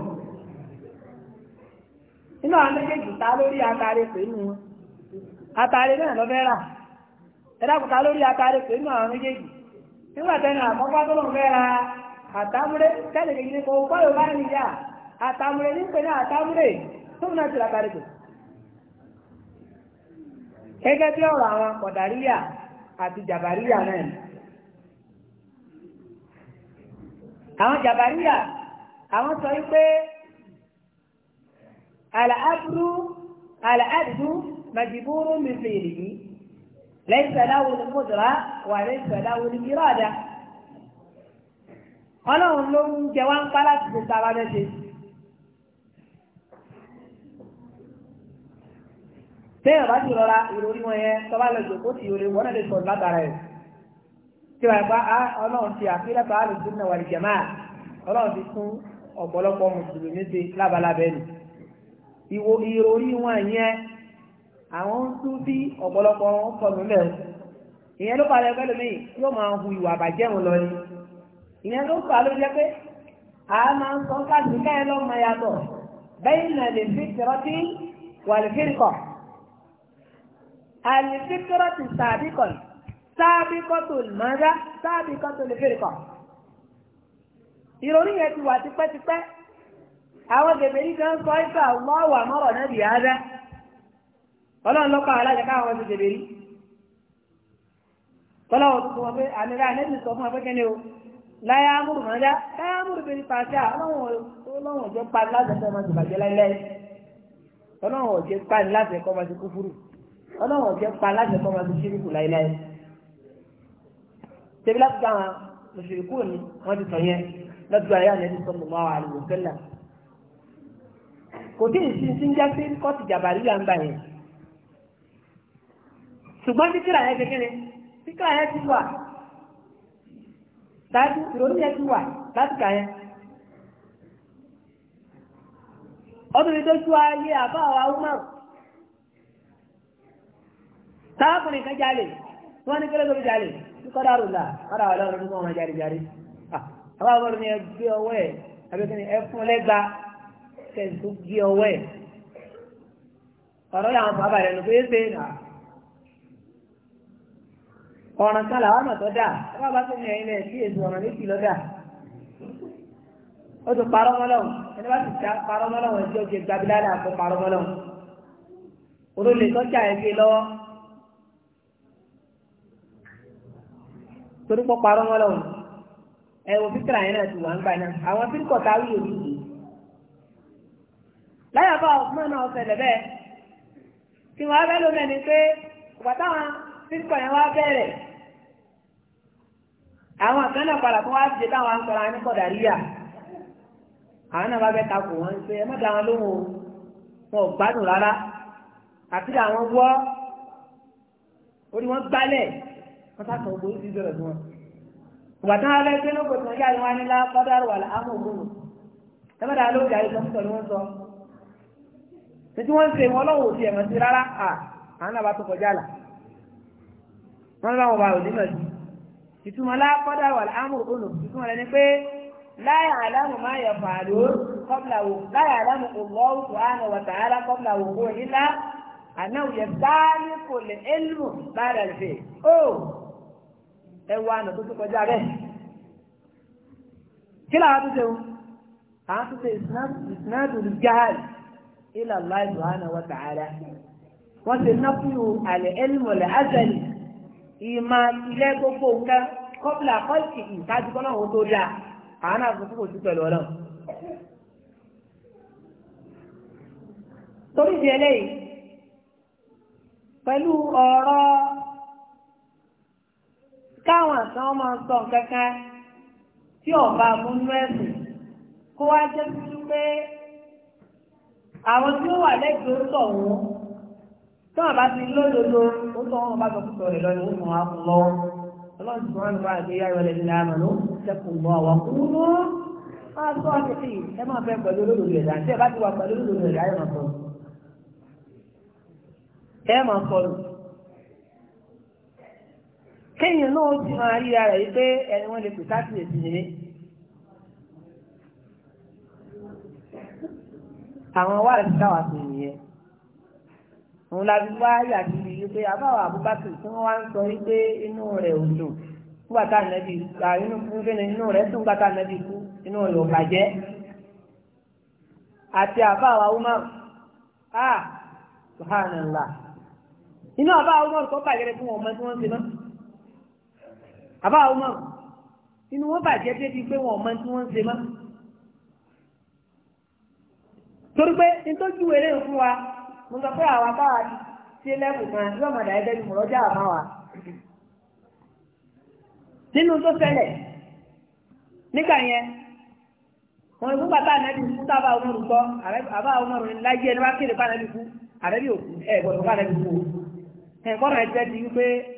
nínú àwọn méjèèjì ta lórí atare pé nù wọn atare náà lọ fẹ́ rà ẹ̀dá kò ta lórí atare pé nù àwọn méjèèjì nígbà tẹnu àkọ́kọ́ tó lọ́n fẹ́ ra àtàmúré tẹ́lẹ̀ kejì ní kò kọ́ yóò bá ní ìyá àtàmúré ní pè ní àtàmúré tó ń náà ti ra atare pè gẹ́gẹ́ bí ọ̀rọ̀ àwọn kọ̀dáríyà àti jàbáríyà náà ni. àwọn jàbáríyà àwọn sọ wípé àlàáfúrú àlàáfúrú màjìbúrú mi fèrè yìí lẹ́yìn sẹ́láwo ni kòdùrá wà lẹ́yìn sẹ́láwo ni kírọ̀dá. ọlọ́run ló ń jẹ wá ń pa láti téèyàn bá ti rọra ìròrí wọn yẹn tọ́ba lọ jòkó ti ìròrí wọn náà lè sọ̀rọ̀ látara ẹ̀ tí wàá gba ah, ọlọ́run ti àfihàn àlù sunna wal jamaa ọlọ́run ti tún ọ̀pọ̀lọpọ̀ mùsùlùmí ṣe lábalábẹ́ nù ìwò ìròrí wọn yẹn àwọn ń tún bí ọ̀pọ̀lọpọ̀ wọn kọlù lẹ̀ o ìyẹn ló palẹ̀ pẹ́lú mi yóò máa hu ìwà àbàjẹ́ wọn lọ ni ìyẹn ló fà ló jẹ́ pé a máa sọ káàkiri káyọ̀ lọ́mọ yàtọ̀ bẹ́ẹ̀ ni alifikirati sabikon sabikotul mada sabikotul firqa ìròrí yẹn ti wà tipẹ́tipẹ́ àwọn gèbèrè kan sọ ipa Allahu amara náà bìí ádá ọlọ́run lọ́pàá alájà káwọn ti gèbèrè tọ́lọ́wọ́ tuntun wọn pé àmìrà ànẹ́bì sọ fún afẹ́kẹ́ ni o láyé amúrù máa dá láyé amúrù bẹ̀rẹ̀ pàṣẹ ọlọ́run ọ̀jẹ̀ pa láti ẹ̀kọ́ máa ti bàjẹ́ láíláí ọlọ́run ọ̀jẹ̀ pa láti ẹ̀kọ́ máa ti kúfúrú ọlọ́run ọ̀jẹ́ pa aláṣẹ kọ́ máa fi ṣíríkù láéláé tẹ̀bí láti gbà wọn mùsùlùkù ni wọ́n ti sọ yẹn lọ́dún ayé àná ẹni sọ́mu máa wà lù sẹ́là kò tí ì sin sin já sí kọ́ọ̀tù jàmbá líla ń bà yẹn ṣùgbọ́n títíra yẹn kékeré títíra yẹn ti wà dájú ìrònú yẹn ti wà láti kà yẹn. ọdún yìí tó tú ayé àbá àwọn awúmọ̀rún táàkùnrin kan jalè wọ́n ní kí lóòótọ́ jalè ní kọ́dà rúlà kọ́dà wà lọ́rùn nígbà wọn jáde jáde àwọn ọmọ rẹ̀ ni ẹ gbé ọwọ́ ẹ̀ àbẹ́kẹ́ni ẹ fún lẹ́gba kẹ́ǹtù gbé ọwọ́ ẹ̀ ọ̀rọ̀ làwọn bàbá rẹ̀ ló pé é ṣe nà ah. ọ̀ràn kan làwọn ọ̀nà tó dà wọ́n bá tó ní ẹ̀yin náà sí èso ọ̀ràn méjì lọ́dà ó ti parọ́ mọ́lọ́hùn ẹni bá ti ta parọ́ mọ́lọ́hùn ẹjọ́ jẹ gbabilá náà fún parọ́ mọ́lọ́hùn olólè tọ́jà ẹ̀ gbé lọ́wọ́ torí pọ́ parọ́ mọ́ lọ́wọ́ ẹ wo fíkìrà yẹn náà ti wà ń gbà náà àwọn fíkọ̀ tá a wí òbí yìí láyà bá ọkùnrin náà ọ̀sẹ̀lẹ̀ bẹ́ẹ̀ tí wọ́n á bẹ́ lómi ẹni pé ọ̀pá táwọn fíkọ̀ yẹn wá bẹ̀rẹ̀ àwọn kan náà padà tó wá ṣe táwọn ń sọ̀rọ̀ àní kọ̀dà ríyà àwọn náà bá bẹ́ takò wọ́n ṣe ẹ má wọn lóhùn wọn ò gbádùn àti àwọn wọ́ orí wọn gbálẹ̀ wọ́n sáàtọ̀ ogbó sí ìbẹ̀rẹ̀ fún wọn wàtá alẹ́ pé lóko tí wọ́n yá ìwọ́n nílá kọ́dárù wà láàmú ògbónù tẹ́mẹ́ta ló jà ìsọ mú sọ̀rọ̀ wọn sọ títí wọ́n ń ṣe wọn lọ́wọ́ òsì ẹ̀mọ́ sí rárá à àwọn náà tó kọjá là wọ́n bá bá òdì mọ̀ sí ìtumọ̀ lá láàmú ògbónù ìtumọ̀ lẹ́ni pé láyà àdámù má yẹ fàdó kọ́bìlàwò ẹ wá àná tó tún kọjá rẹ̀ kí làwọn tó ṣe o àwọn tó ṣe ìsinádùn gáàlì ilà Allah subhanahu wa ta'ala wọ́n ṣe náfíù àlẹ́ ẹlmọ̀lẹ́ àṣẹlẹ̀ ìmọ̀ ilẹ̀ gbogbo nǹkan kọ́bìlà kọ́ìkì ìtajú kọ́nà òun tó dáa àwọn náà fún kòtù pẹ̀lú ọlọ́run. torí ìdí eléyìí pẹ̀lú ọ̀rọ̀ káwọn kan máa sọ kankan tí ọba múnú ẹ̀sìn kó wá jẹ́ tuntun pé àwọn tí ó wà lẹ́gbẹ̀ẹ́ ó sọ wọn tí wọn bá ti lódodo ó sọ wọn bá sọ fún sọ̀rọ̀ lọ́yìn ó mọ̀ á fún lọ́wọ́ ọlọ́run ti wọ́n lọ́wọ́ àgbéyà ìrọ̀lẹ́ ní àmà ló sẹ́kùn mọ́ àwọn kúrú mọ́ máa sọ àtẹ̀tẹ̀ yìí ẹ máa fẹ́ pẹ̀lú olódodo ẹ̀dá tí ẹ bá ti wà pẹ̀lú olódodo ẹ̀dá ẹ máa sọ̀rọ̀ ẹ máa sọ̀rọ̀ kéèyàn náà ti máa rí ara yìí pé ẹni wọ́n lè pè sákìyèsí nìyí. àwọn wà ní káwà sí nìyẹn òun láti wá yà sí ibi pé àbáwọ̀ Abubakar tí wọ́n wá ń sọ wípé inú rẹ̀ ò dùn nígbà tá ànábì inú fún fẹ́ni inú rẹ̀ tún gbà tá ànábì kú inú rẹ̀ ò bàjẹ́ àti àbáwọ̀ Umar ah subhanallah inú àbáwọ̀ Umar kọ́ bàjẹ́ fún ọmọ tí wọ́n ti náà àbá àwọn ọmọ inú wọn bàjẹ́ débi pé wọn ọmọ tí wọ́n ń ṣe mọ́ torí pé nítòjú eré fún wa mo sọ pé àwa bá ṣe lẹ́wù kan lọ́mọdà ẹgbẹ́ ni mo rọ́jà àmọ́ wa nínú tó ṣẹlẹ̀ nígbà yẹn wọn ìfún bàbá ànábì fún sábà ọmọrù kọ àbá ọmọrù láyé ẹni wá kéde bá ànábì fún ànábì òkú ẹ gbọ́dọ̀ bá ànábì fún o ẹ gbọ́dọ̀ ẹ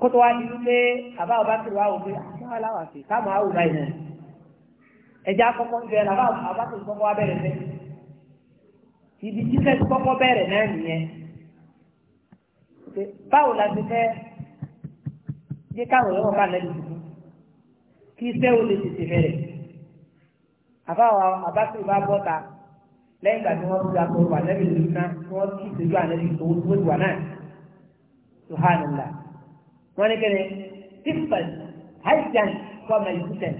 kótó wá nínú pé àbá ọba tó wá òun pé ah, àbá aláwà sí táwọn àwọn òun báyìí náà ẹja kọ́kọ́ bẹ̀rẹ̀ àbá àbá tó kọ́kọ́ wá bẹ̀rẹ̀ bẹ ibi jíṣẹ́ tó kọ́kọ́ bẹ̀rẹ̀ náà nìyẹn báwo la ti fẹ́ yé káwọn ọlọmọ bá lẹnu tuntun kí iṣẹ́ ò lè tètè bẹ̀rẹ̀ àbá àbá tó bá bọ ta lẹ́yìn ìgbà tí wọ́n ti àpò wà lẹbi lórí náà wọ́n kí ìṣèjú àná ti tó wọ́n ti wà náà subhanallah wọ́n ní kíni tífẹ̀n hajjan kọ́mọ ìkútẹ̀.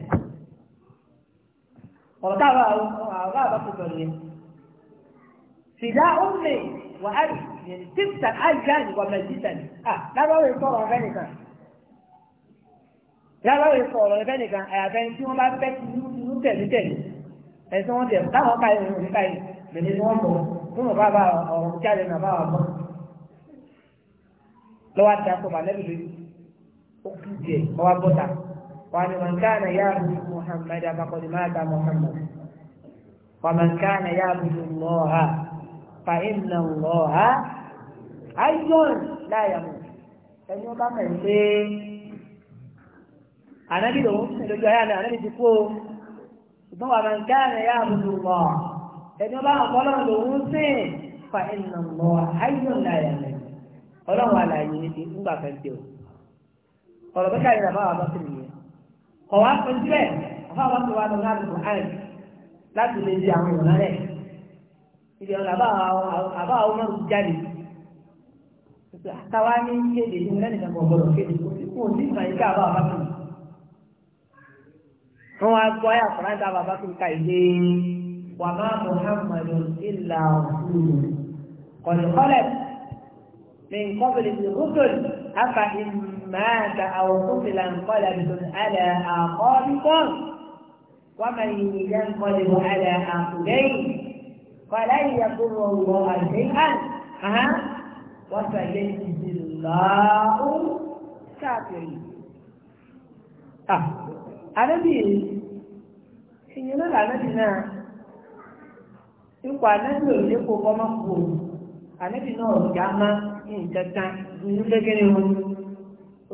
ọ̀rọ̀ táwọn àwọn àwọn àbá tó sọ̀rọ̀ wà á rí yẹn tífẹ̀n hajjan kọ́mọ ìkútẹ̀. à lábáwọ̀ ìkọ́ nìkan. lábáwọ̀ ìkọ́ ọ̀rọ̀ fẹ́ nìkan àyàfẹ́ tí wọ́n bá fẹ́ tìlú tẹ̀lítẹ̀lí. ẹ̀sìn wọn tẹ̀ táwọn káyọ̀ ní káyọ̀ mẹ́lẹ́ lọ́wọ́ àti àkọ́bà lẹ́bi lóyún ó kí díẹ̀ ọwá bọ́ta wà ní mọ̀nkánà yá àbúrú Muhammad abakọ̀dé máa Muhammad wà mọ̀nkánà yá àbúrú lọ́ha fa ìnà lọ́ha ayọ́n láyàmù ẹni wọ́n bá mọ̀ pé ànábì lòun sì lójú ayé àná ànábì ti kú o ṣùgbọ́n wà mọ̀nkánà yá àbúrú lọ́ha ẹni wọ́n bá mọ̀ pọ́lọ́ lòun sìn fa ìnà lọ́ha ayọ́n láyàmù ọlọ́run àlàyé níbi ńgbà o ọ̀rọ̀ tó káyọ̀ bá wà bá tó nìyẹn kọ̀ wá pẹ́ sílẹ̀ àfa wá tó wá lọ láti kò áì láti lè di àwọn ìwọ̀n rẹ̀ ibi ọ̀rọ̀ àbá àwọn ọmọ rẹ̀ jáde àtàwa ní kéde ní lẹ́nìkan kò gbọdọ̀ kéde kó o ní ìgbà yìí ká àbá wà bá tó nìyẹn wọ́n wá gbọ́ ayé àkùnrin tá a bàbá fi ka ìdè wà má muhammadu ilà ọ̀hún kọ̀lùkọ́lẹ̀ ní nkọ́bìlì ní rúdùn afa ìlú. مات أو قتل انقلبتم على أعقابكم ومن ينقلب على عقبيه فلن يضر الله شيئا أها وسيجزي الله الكافرين آه أنبي ìyẹn náà lànàbì náà ipò ànábì ò lè kó kọ́ mọ́ kó ànábì náà ò já má nǹkan kan ní gẹ́gẹ́ ni wọn.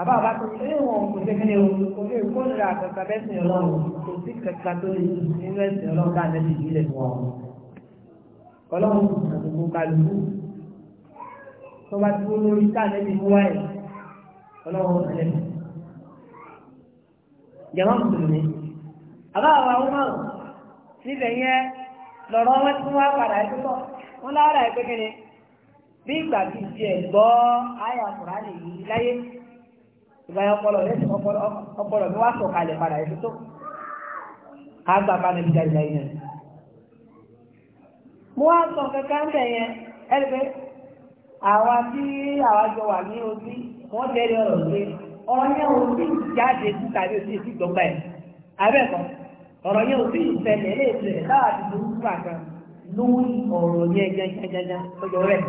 àbá àbá tó ṣe wọn kò ṣe kí ni o kò ṣe ìkórira àkàkà bẹ́sìn ọlọ́run kò sí kẹta tó nínú ẹ̀sìn ọlọ́run ká lẹ́sìn ìbílẹ̀ fún ọ. ọlọ́run àtòkò kálukú tó bá dúró lórí ká lẹ́sìn mú wáyé ọlọ́run ẹlẹ́sìn. jẹ̀mọ́ mùsùlùmí àbá àbá ọmọ síbẹ̀ yẹn lọ́rọ́ wọn tún wá padà ẹ̀ tó tọ̀ wọ́n lára ẹ̀ pé kí ni bí ìgbà bíi tiẹ̀ gbọ́ ìbáyọ̀ ọpọlọ rẹ̀ ọpọlọ mi wá sọ̀kalẹ̀ padà ẹ̀ tó àgbà bá nàbí jáde láyé yẹn. mo wá sọ kankan ń bẹ̀ yẹn ẹni pé àwa tí àwa jọ wà ní ojú wọ́n tẹ̀lé ọ̀rọ̀ pé ọ̀rọ̀ yẹn ò sí jáde síta ní ojú ìsí ìjọba ẹ̀ abẹ́ẹ̀kọ́ ọ̀rọ̀ yẹn ò sí ìfẹ̀lẹ̀ lè láwàá ti lóyún fún àkàn lóyún ọ̀rọ̀ yẹn jẹjẹjẹjẹ lọ́jọ́ rẹ̀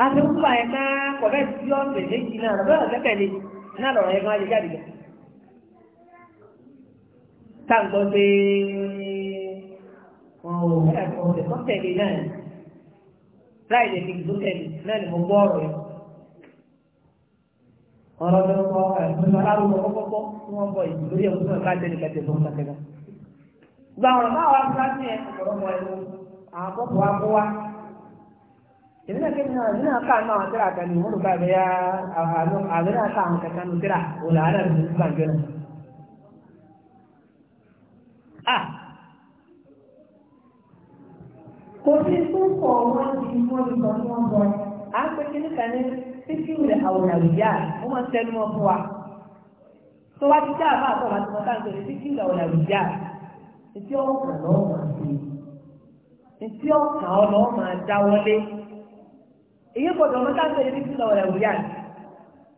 àti kúkú àyẹ̀ ká kọ̀bẹ́ tí ó ṣe méjì náà lọ́wọ́ ọ̀sẹ̀ tẹ̀lé náà lọ́rọ̀ yẹn kan lè jáde lọ. táǹtọ́ pé wọn ò ẹ̀kọ́ ẹ̀kọ́ tẹ̀lé náà láìlè fi ìlú tẹ̀lé náà ni mo gbọ́ ọ̀rọ̀ yẹn. ọ̀rọ̀ tó ń kọ́ ẹ̀kọ́ alárùn kọ́kọ́kọ́ tí wọ́n bọ̀ ìlú lórí ẹ̀kọ́ náà ká tẹ̀lé kẹtẹ̀ tó ń kàtẹ́ náà. gbàgbọ́n èmi náà kí náà èmi náà ká àwọn àwọn tíra kan ní mo rò bá bẹ yá àwọn àwọn náà ká àwọn kankan ní tíra òun làwọn náà ló gbà jọ náà. a kò sí púpọ̀ wọn ti wọ́n ti sọ ní wọ́n bọ̀ à ń pè kíní kan ní títí rẹ̀ àwòrán ìyá wọ́n máa ń tẹnu wọn fún wa tó wá ti dá àbá àtọ̀ láti mọ káàkiri pé títí rẹ̀ àwòrán ìyá etí ọ̀kàn lọ́wọ́ máa ń ṣe etí ọ̀kàn ọlọ́wọ́ máa dáwọ́lé èyí gbọdọ̀ mọ́ ká sẹ́yìn títí lọ rẹ̀ wíyá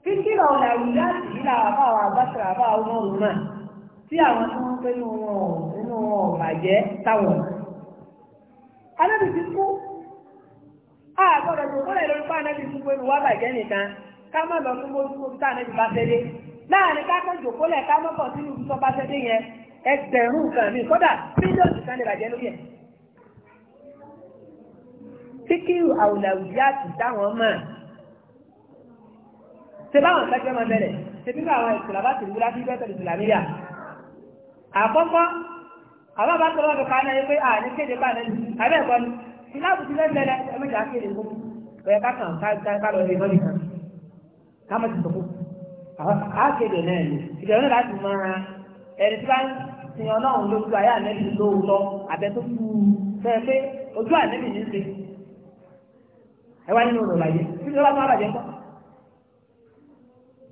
títí lọ rẹ̀ wíyá sí làwọn àbáwọ̀ àbáṣọ̀rọ̀ àbáwọ̀ ọmọ òun náà tí àwọn tí wọ́n pé nínú wọn nínú wọn bàjẹ́ táwọn. anábì ti kú a gbọdọ̀ tó kọ́lẹ̀ lórí fún anábì ti kú ẹnu wá bàjẹ́ nìkan ká má lọ fún gbogbo tí anábì bá fẹ́ dé láàrin ká kọjọ kọ́lẹ̀ ká mọ́kàn sínú ibi tó bá fẹ́ dé yẹn ẹgbẹ̀rún kan mi kódà mílíọ̀nù kan lè bàjẹ́ lórí ẹ̀ fíkìrù àwùlàwùdí àti táwọn mọ̀ ṣe báwọn kẹ́kẹ́ máa bẹ̀rẹ̀ ṣe bí àwọn ìsìlábà ti wúlá sí bẹ́ẹ̀ tẹ̀lé ìsìlámíyà àkọ́kọ́ àwọn bá tọrọ ọdún kan náà pé àní kéde bá lẹ́nu abẹ́ ẹ̀kọ́ ni ìlàbù ti lẹ́lẹ́ ẹ̀mẹ́jà kéde fún bẹ́ẹ̀ ká kàn ká ká lọ lè mọ́lì kan ká mọ́ ti sọ̀kú àwọn kéde náà ni ìjọba náà láti mọ ara ẹni tí bá ń sin ọlọ́run lójú ayé ànẹ́bí lóòótọ́ abẹ́ tó kú fẹ́ẹ́ pé ojú ànẹ́bí ní í ṣe ẹ wá nínú ọ̀rọ̀ làyé bí ló bá tó àbàjẹ́ kọ́.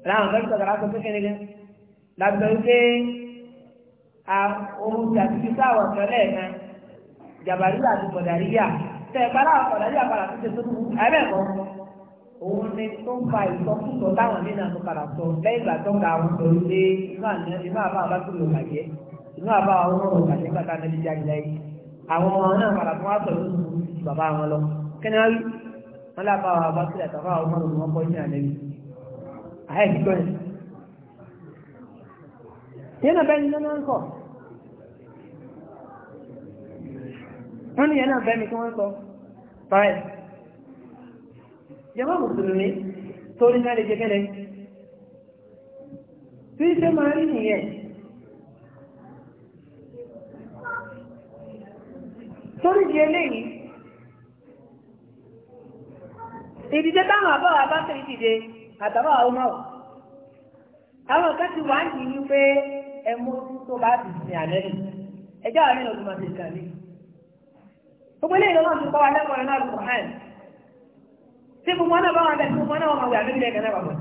láwọn ọ̀gá ìtọ́jà láti pé kẹ́ni gan lábẹ́ wípé ohun tàbí sáwọn ọ̀tọ́lẹ̀ náà jàbàríyà àti kọ̀dàríyà tẹ̀ bára kọ̀dàríyà padà tó ṣe tó kú ẹ̀rẹ́kọ̀ òun ni tó ń fa ìsọkúsọ táwọn nínú àwọn padà sọ lẹ́yìn ìgbà tó ń ga àwọn pẹ̀lú pé inú àbá àbá tó lò bàjẹ́ inú àbá àwọn ọmọ rẹ̀ bàjẹ́ gbàtà náà ti jáde láyé àwọn ọmọ náà padà tó wá sọ̀rọ̀ bàbá wọn lọ kẹ́ni wọ́n lápá àwọn abáṣẹ́ àtàfà àwọn ọmọ òun ọkọ̀ ní àlẹ́bí àyè ìgbọ́ yẹn yẹn náà bẹ́ẹ̀ ni lọ́nà ń kọ̀ wọ́n ní yẹn náà bẹ́ẹ̀ ni kí wọ́n sọ báyìí jẹ́mọ́ mùsùlùmí torí náà lè jẹ́ kẹ́lẹ́ tí ṣe máa rí nìyẹn torí di eléyìí ìdíje táwọn àbọ̀ wa bá fẹ́ ìdíje àtàwọn àwọn ọmọ àwọn kan ti wá ń yí wípé ẹ mú tó bá ti sin àlẹ́ nì ẹjọ́ àárín ọdún máa ti kà mí. gbogbo ilé ìlọ́wọ́ ti kọ́ wa lẹ́kọ̀ọ́ rẹ̀ náà lù kọ́ hàn tí gbogbo náà bá wọn bẹ̀ tí gbogbo náà wọn máa wẹ̀ àbí ilẹ̀ kan náà wà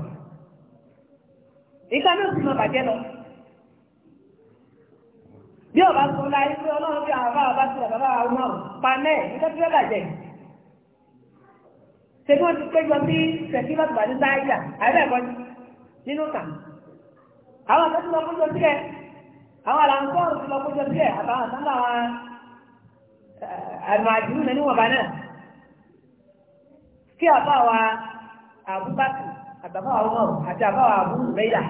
ìka náà sì máa bàjẹ́ lọ. bí ọba sọ láyé pé ọlọ́run fi àwọn bá wa bá ti rà bàbá wa wọn pa náà nígbà tí bàjẹ́ ṣebí wọ́n ti péjọ sí ṣẹ̀kí bá tùbà ní sáyà àìbẹ̀kọ́ nínú ìtàn àwọn akẹ́kọ̀ọ́ ti lọ kójọ sílẹ̀ àwọn àlàǹkọ́ọ̀rù ti lọ kójọ sílẹ̀ àtàwọn àtàwọn àwọn àrùn àjùmù náà níwọ̀nba náà kí àbáwa àbúbákì àtàbáwa ọmọ àti àbáwa àbúrú mẹ́yà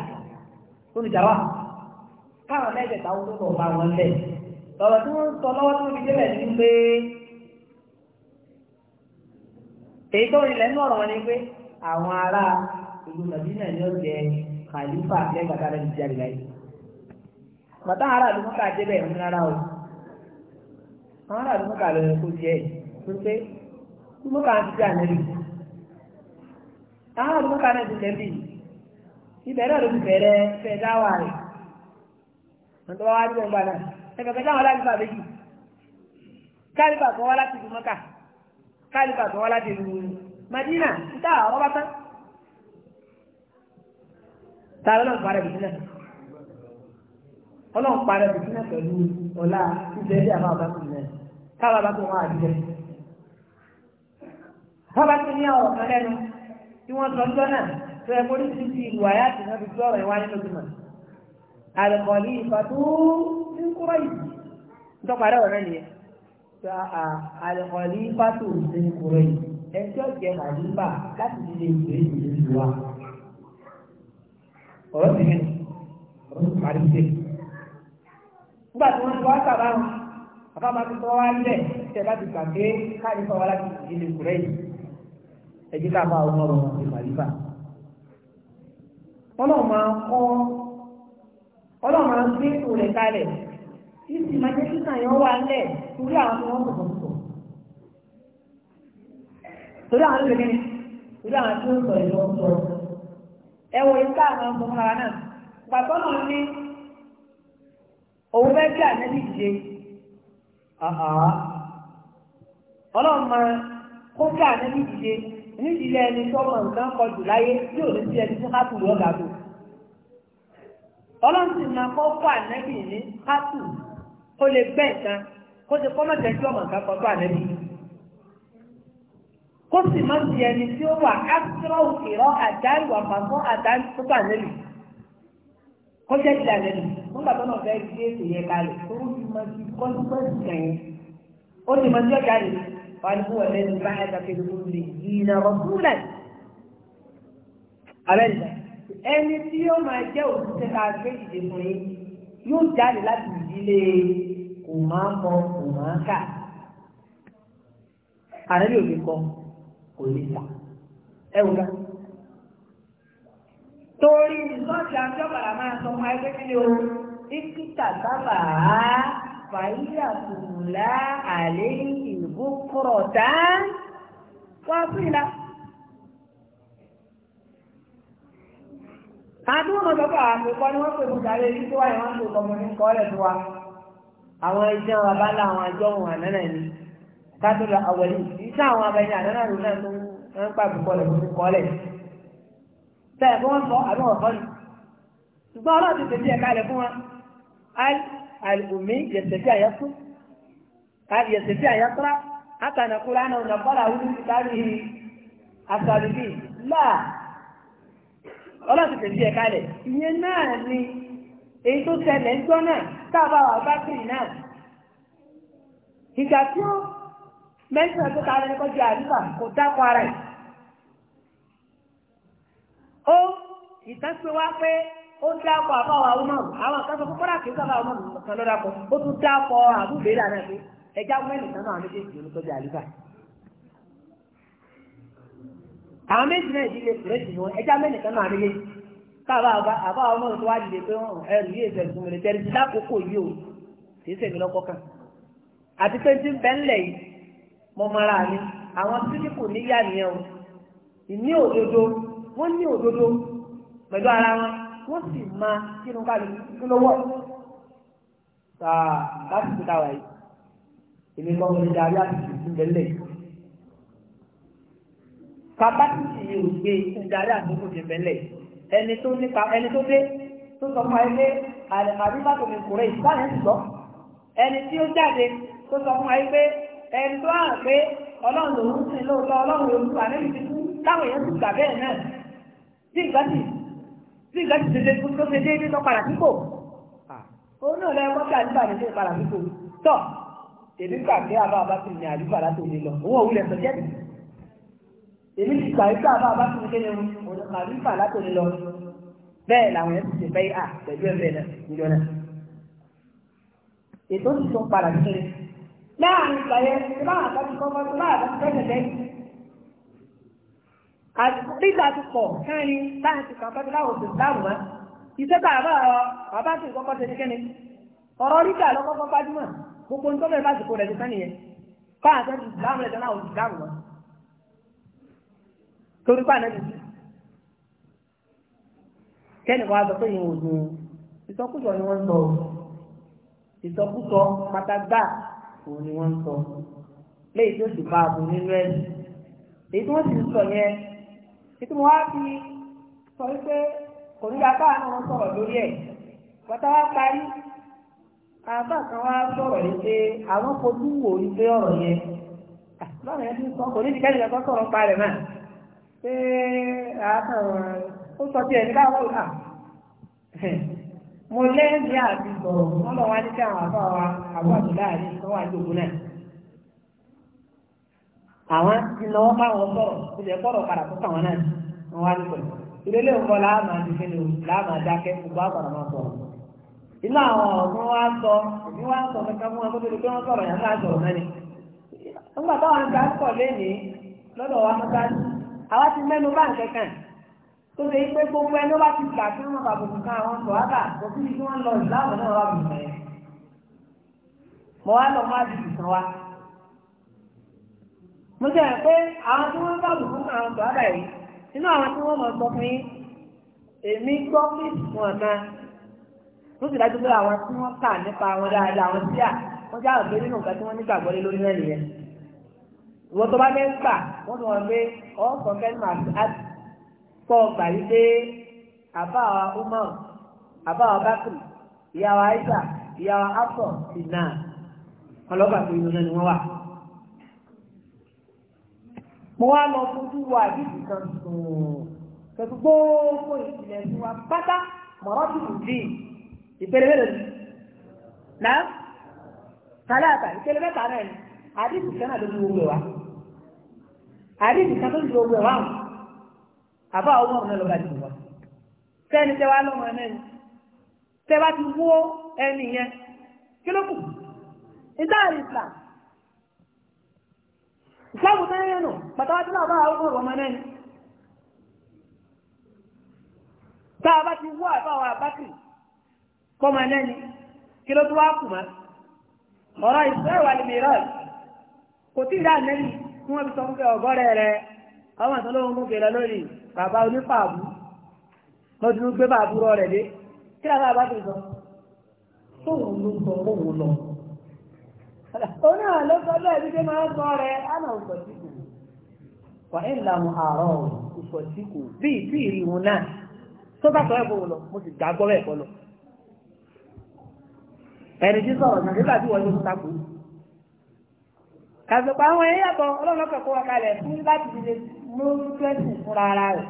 olùjàwà káwọn mẹ́jẹ̀ta ó tó tọ̀ èyí tó ilẹ̀ ń wọn ni pé àwọn ará ìlú nàìjíríà ni ó jẹ kàlífà lẹ́gbàdá rẹ̀ ti jáde láyé bàtà ará ìlú mọ́kà débẹ̀ ń rárá o àwọn ará lọ kó jẹ́ tó pé ìlú mọ́kà ti jẹ́ àná lùú àwọn ìlú mọ́kà náà ti jẹ́ bí ìbẹ̀rẹ̀ ló ti bẹ̀rẹ̀ rẹ̀ tó wá wá dúró ń gbà náà kálífà tó wá láti lu Madina níta àwọn bá tán ta lọ́nà parẹ́ bìtínà ọlọ́run parẹ́ bìtínà pẹ̀lú ọ̀la ìjẹ́ bí àwọn àbá kùn náà káwọn àbá kùn wọn àdìjẹ́ wọ́n bá tún ní àwọn ọ̀kan lẹ́nu tí wọ́n sọ ọjọ́ tó yẹ kó ní ti ìlú àyà tí wọ́n tó ọ̀rọ̀ ìwá nínú ìgbìmọ̀ àlùkò ní ìfà tó ń kúrọ̀ yìí ń tọ́parẹ́ ọ̀rẹ́ nìyẹn ta àlẹ́kọ̀ọ́lì pàtó ìsinmi kúrò yìí ẹjọ́ jẹ màdúbà láti lè gbé ìlú wa. ọ̀rọ̀ ti hẹ́n ọ̀rọ̀ ti parí sí. nígbà tí wọ́n ti wá sábà ń bàbá máa ti tọ́wọ́ lẹ̀ tẹ̀ láti gbàgbé káàdì fọwọ́ láti ìlú kúrò yìí. ẹjẹ́ ká bá ọmọ ọ̀rọ̀ wọn ti màdúbà. ọlọ́run máa ń kọ́ ọlọ́run máa ń gbé òrẹ̀ kalẹ̀. isi máa jẹ́ títàn yẹn wà lẹ̀ torí àwọn tí wọ́n sọ̀rọ̀ sọ̀rọ̀ torí àwọn lè ní torí àwọn tí ó sọ̀rọ̀ ìlọ sọ̀rọ̀ ẹ wo ìta àwọn ọmọ ara náà pàtó náà ní òun fẹ́ kí ànẹ́bí ṣe ọlọ́run máa kó kí ànẹ́bí ṣe nídìílé ẹni tó mọ nǹkan kọjù láyé yóò ní sí ẹni tó hápù lọ́gàá ọlọ́run kó lè bẹ́ nǹkan kó ti kọ́ mọ̀tẹ́ tí ọmọ nǹkan kan tó ànẹ́bí kó sì má ti ẹni tí ó wà áṣírọ́ òkèrọ́ àdáì wà pàtó àdáì tó tó ànẹ́bí kó jẹ́ ìdí ànẹ́bí nígbà tó náà fẹ́ gbé ètò yẹn kalẹ̀ tó ń fi máa fi kọ́ nípa ìgbà yẹn ó ti máa ń jọ́jà rè wọ́n ní wọ́n lẹ́nu bá ẹ̀ka kiri kúrú lè yìnà rọ̀kúlẹ̀ abẹ́ǹdà ẹni tí ó máa jẹ́ òṣìṣẹ́ ká gbé ìdè fún yín yóò jáde láti ìdílé kò máa mọ kò máa kà àrẹ́lẹ̀ òbí kọ kò lè kà ẹ wò lá. torí ìsọ́ọ̀tì àjọpàlà máa sọ fún ẹgbẹ́ kí ni o ìkítà sábà á fàyíyà kùlá àlẹ́ ìbú kúrọ̀ tá wá sí ìlà. àdúrà náà sọ pé àwọn àpèkọ ni wọ́n pè fún ìdálé yìí tó wáyé wọ́n ń pè kọ́mọ ní kọ́ọ̀lẹ̀ tó wá àwọn iṣẹ́ wọn bá lá àwọn àjọ ohun ànánà ni kátólà àwọ̀lì iṣẹ́ àwọn abẹ́ni ànánà ló náà tó ń pàbí kọlẹ̀ fún kọlẹ̀ tẹ́lẹ̀ fún wọn sọ àbí wọn kọ́lù ṣùgbọ́n ọlọ́run ti tẹ̀sí ẹ̀ka rẹ̀ fún wọn al alùmí yẹ̀sẹ̀sí àyẹ́kú yẹ̀sẹ̀sí àyẹ́kúrá àtànà kúrá náà nà bọ́lá wúlú ti kárí àṣàlùbí láà ọlọ́run ti tẹ̀sí ẹ̀ka rẹ̀ ìyẹn náà ni èyí tó ṣẹlẹ̀ ń gbọ́ náà táàbà wà bá náà ìgbà tí ó mẹ́sàn-án ta lẹ́nu kọjá àdúrà kò dákọ̀ ara ẹ̀ ó ìtẹ́sùn wá pé ó dákọ̀ ọmọ àwọn fún kìí sábà ọmọ nìkan ó tún dákọ̀ àbúgbé pé ẹja mẹ́rin kan káàbà àbá ọmọ tó wá dìde pé ẹrù yìí èsè ìtumọ̀ lè tẹ́lẹ̀ lákòókò yìí o kì í sèmi lọ́kọ́ kan àti pé tí ń bẹ́ ńlẹ̀ yìí mo mara mi àwọn sílíkù níyà nìyẹn o ìní òdodo wọ́n ní òdodo pẹ̀lú ara wọn wọ́n sì máa kínú kálukú kí ló wọ̀ sáà lásìkò táwa yìí èmi kọ́ mi darí àtìkù tí ń bẹ́ ńlẹ̀ yìí kapásítì yìí ò gbé ìdarí àtìkù ẹni tó nípa ẹni tó dé tó sọ fún ayé àríwá tó ní kúrẹ́ ìsáyẹ̀ ń sọ ẹni tí ó jáde tó sọ fún ayé pé ẹni tó hàn pé ọlọ́run lòún sìn lóòótọ́ ọlọ́run lòún sùn àlẹ́ yìí táwọn èèyàn ti gbà bẹ́ẹ̀ náà tí ìgbà tí tí ìgbà tí tètè fún tó ṣe déédéé tó padà sípò òun náà lẹ́yìn kọ́kí àdúgbà ní tó padà sípò tọ́ èmi gbà pé àbá àbá ti ní àdúgbà látòun lọ òun òun lẹ̀ sọ jẹ́ èmi ti kàrífà bá a bá tún kéde òun kàrífà látòlè lọ bẹ́ẹ̀ làwọn yẹn ti ṣe bẹ́ẹ̀ à pẹ̀lú ẹ̀mẹ́ náà níjọ náà ètò ti tún padà sí i láàrin ìgbà yẹn tí báwọn àtàkùn kọ́ fọ́tún láàrin àtàkùn tẹ́lẹ̀ lẹ́yìn nígbà tó pọ̀ kẹrin láàrin ti kàn fọ́tún láwọn òṣèlú láàrùn wá iṣẹ́ tá a bá ọ bàbá tó kọ́kọ́ ṣe kékeré ọ̀rọ̀ rígbà lọ́kọ́kọ́ gbájúmọ̀ gbogbo nítorí bá ti kó rẹ̀ ti sánìyẹn báwọn àtàkùn láàrin ẹ̀ torí pa ànábì sí kẹ́ni wàá sọ pé ìyẹn ò dùn ìsọkúsọ ni wọ́n ń sọ ìsọkúsọ pátágbà òun ni wọ́n ń sọ léyìí tó sì bá a bò nínú ẹ̀sìn èyí tí wọ́n sì ń sọ yẹn títí mo wá fi sọ wípé kò ní dáa káà náà sọ̀rọ̀ lórí ẹ̀ pátá wá parí àbá kan wá sọ̀rọ̀ yìí pé àwọn fojú wò ní pé ọ̀rọ̀ yẹn lọ́rọ̀ yẹn ti sọ kò ní ìdíkẹ́ ìjọba sọ̀rọ̀ pa rẹ̀ náà. pé àákàn ó sọ bí ẹni káwọn à mo lẹ́ẹ̀dí àti sọ̀rọ̀ wọ́n lọ wá ní kí àwọn àbá wa àbọ̀ àbúlá tó wà ní ògùn náà àwọn ti bá wọn sọ̀rọ̀ kò jẹ́ kọ́rọ̀ padà náà wọ́n wá ní pẹ̀lú ń láàmà ti fi ní o láàmà dákẹ́ gbogbo àgbàrá máa sọ̀rọ̀ inú àwọn sọ ní wá sọ pé wọ́n sọ̀rọ̀ àwa ti mẹ́nu bá nǹkan kan tó ṣe pé gbogbo ẹni ó bá ti gbà kí wọ́n bá bùkún kan àwọn sọ̀ wá bà kò sí ibi tí wọ́n lọ ìsìláàmù náà wà bùkún yẹn. mo wá lọ máa di ìsàn wa. mo jẹ́ pé àwọn tí wọ́n bá bùkún kan àwọn sọ̀ wá bà yìí nínú àwọn tí wọ́n mọ̀ sọ fún yín èmi gbọ́ pé wọ́n máa tó sì dájú pé àwọn tí wọ́n kà nípa wọn dáadáa àwọn tí à wọ́n já òkè nínú ìwọ́n tó bá fẹ́ gbà wọ́n ti wọ́n pé ọ̀sán fẹ́ máa àti kọ́ gbà yí pé àbáwa umar àbáwa bakri ìyàwó aisha ìyàwó afọ ìnà ọlọ́gbà pé inú náà ni wọ́n wà. mo wá lọ fojú wo àdìsí kan pẹ̀lú gbogbo ìpìlẹ̀ tí wọ́n pátá mọ̀rọ́ tó kù dì ìpele ni. náà kálá àtà ìpele náà ni àdìsí kan náà ló ń wúwo wa àdéhùn kan tó ń lo ọgbẹ́ wa hàn àbá ọmọ ọ̀nà lọ́ba ti wà sẹ́ni tẹ́ wá lọ́mọ ẹ̀ mẹ́rin tẹ́ bá ti wó ẹni yẹn kí ló kù ìdáàrí islam islam tó yẹn nù pàtàkì náà bá àwọn ọmọ ọmọ ẹni tá a bá ti wó àbáwọn àbákì kọ́mọ ẹni kí ló tó wá kù mọ́ ọ̀rọ̀ ìfẹ́ lè mìíràn kò tí ì dá nẹ́yìn wọ́n fi sọ fún pé rẹ ọmọ ìtàn lóhun mú kèrè lórí bàbá onípàbù lọ́dún gbé bàbú rọ rẹ̀ dé kí bá sọ ló sọ lọ. òun ló sọ bẹ́ẹ̀ bí pé máa sọ rẹ̀ ánà òsọ̀ wà ń làmù àárọ̀ òsọ̀ bí ìtú ìrìhùn náà tó bá sọ ẹ̀kọ́ lọ mo sì ẹ̀kọ́ lọ. sọ̀rọ̀ nàìjíríà kàṣùpá àwọn èèyàn yàtọ̀ ọlọ́run ọkọ̀ kó wa kalẹ̀ fún láti fi lè mú kẹ́sì fúnra ara rẹ̀.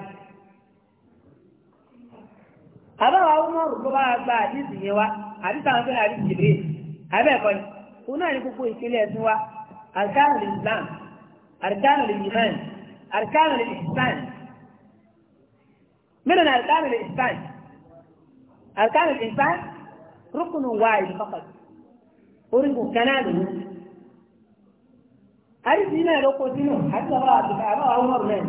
àbáwá ọmọrù ló bá gba àdìsí yẹn wa àdìsí àwọn fẹ́ràn àdìsí jìbìrì àbẹ́ẹ̀kọ́ ni òun náà ní gbogbo ìpínlẹ̀ ẹ̀sìn wa àrùkánù lè Islam àrùkánù lè yimán àrùkánù lè Islam mẹ́rin àrùkánù lè Islam àrùkánù lè Islam rúkùnù wáyé fọ́kàtì orígun kanáà lòun àríṣì náà ló kó sínú àti àwọn àtùkà àbáwà ọmọrùn náà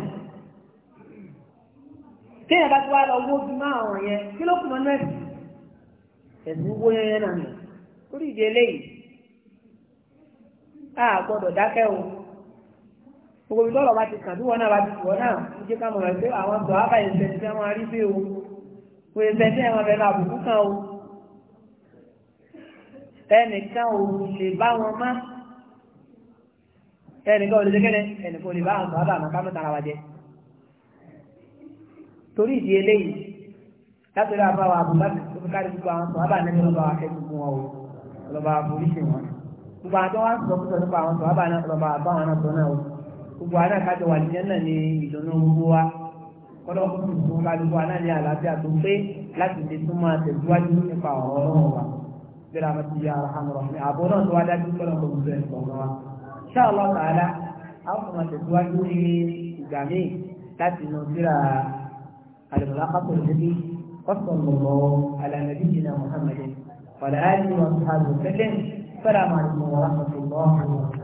kí ẹ̀bá tí wá lọ wó bí máa wọ̀n yẹn kí ló kùnmọ́ náà ẹ̀sùn wó yẹn náà nù orí ìdí eléyìí a gbọ́dọ̀ dákẹ́ o gbogbo ibi tọ́lọ̀ bá ti kàn bí wọ́n náà bá ti wọ́n náà ń jẹ́ ká mọ̀ràn pé àwọn sọ ábà ìfẹ́ tí wọ́n rí bí o kò ìfẹ́ tí wọ́n fẹ́ lọ àbùkù kan o ẹnìkan ò lè bá wọn máa ẹnìkan olè jẹ́kẹ́lẹ́ ẹnìkan olè bá àwọn sọ àbàmọ́ ká mọ́tara wa jẹ torí ìdí eléyìí látọ̀rí àbáwọ̀ àbúgbàtì tó fi kárí gbogbo àwọn sọ àbà nẹ́bí lọ́ba akẹ́gbùgbùn wọn o lọ́ba àforíṣì wọn gbogbo àwọn tó wá ń sọ fún sọ́dọ́pọ̀ àwọn sọ àbà lọ́ba àbáwọn náà sọ náà o gbogbo àná kájọ wà nìyẹn náà ní ìdùnnú gbogbo wa kọ́dọ̀ kó tún tún kálukú àná ní àlàáfíà tó pé láti lè tún máa tẹ̀síwájú nípa ọ̀rọ̀ wa bí insha Allah ta'ala àwọn ọmọ tẹ̀síwájú ní ìgbà míì láti nù síra al-Mulaqatul Nabi sallallahu ala nabiyyina Muhammadin wa ala alihi wa sahbihi wa sallam. Assalamu alaikum wa rahmatullahi wa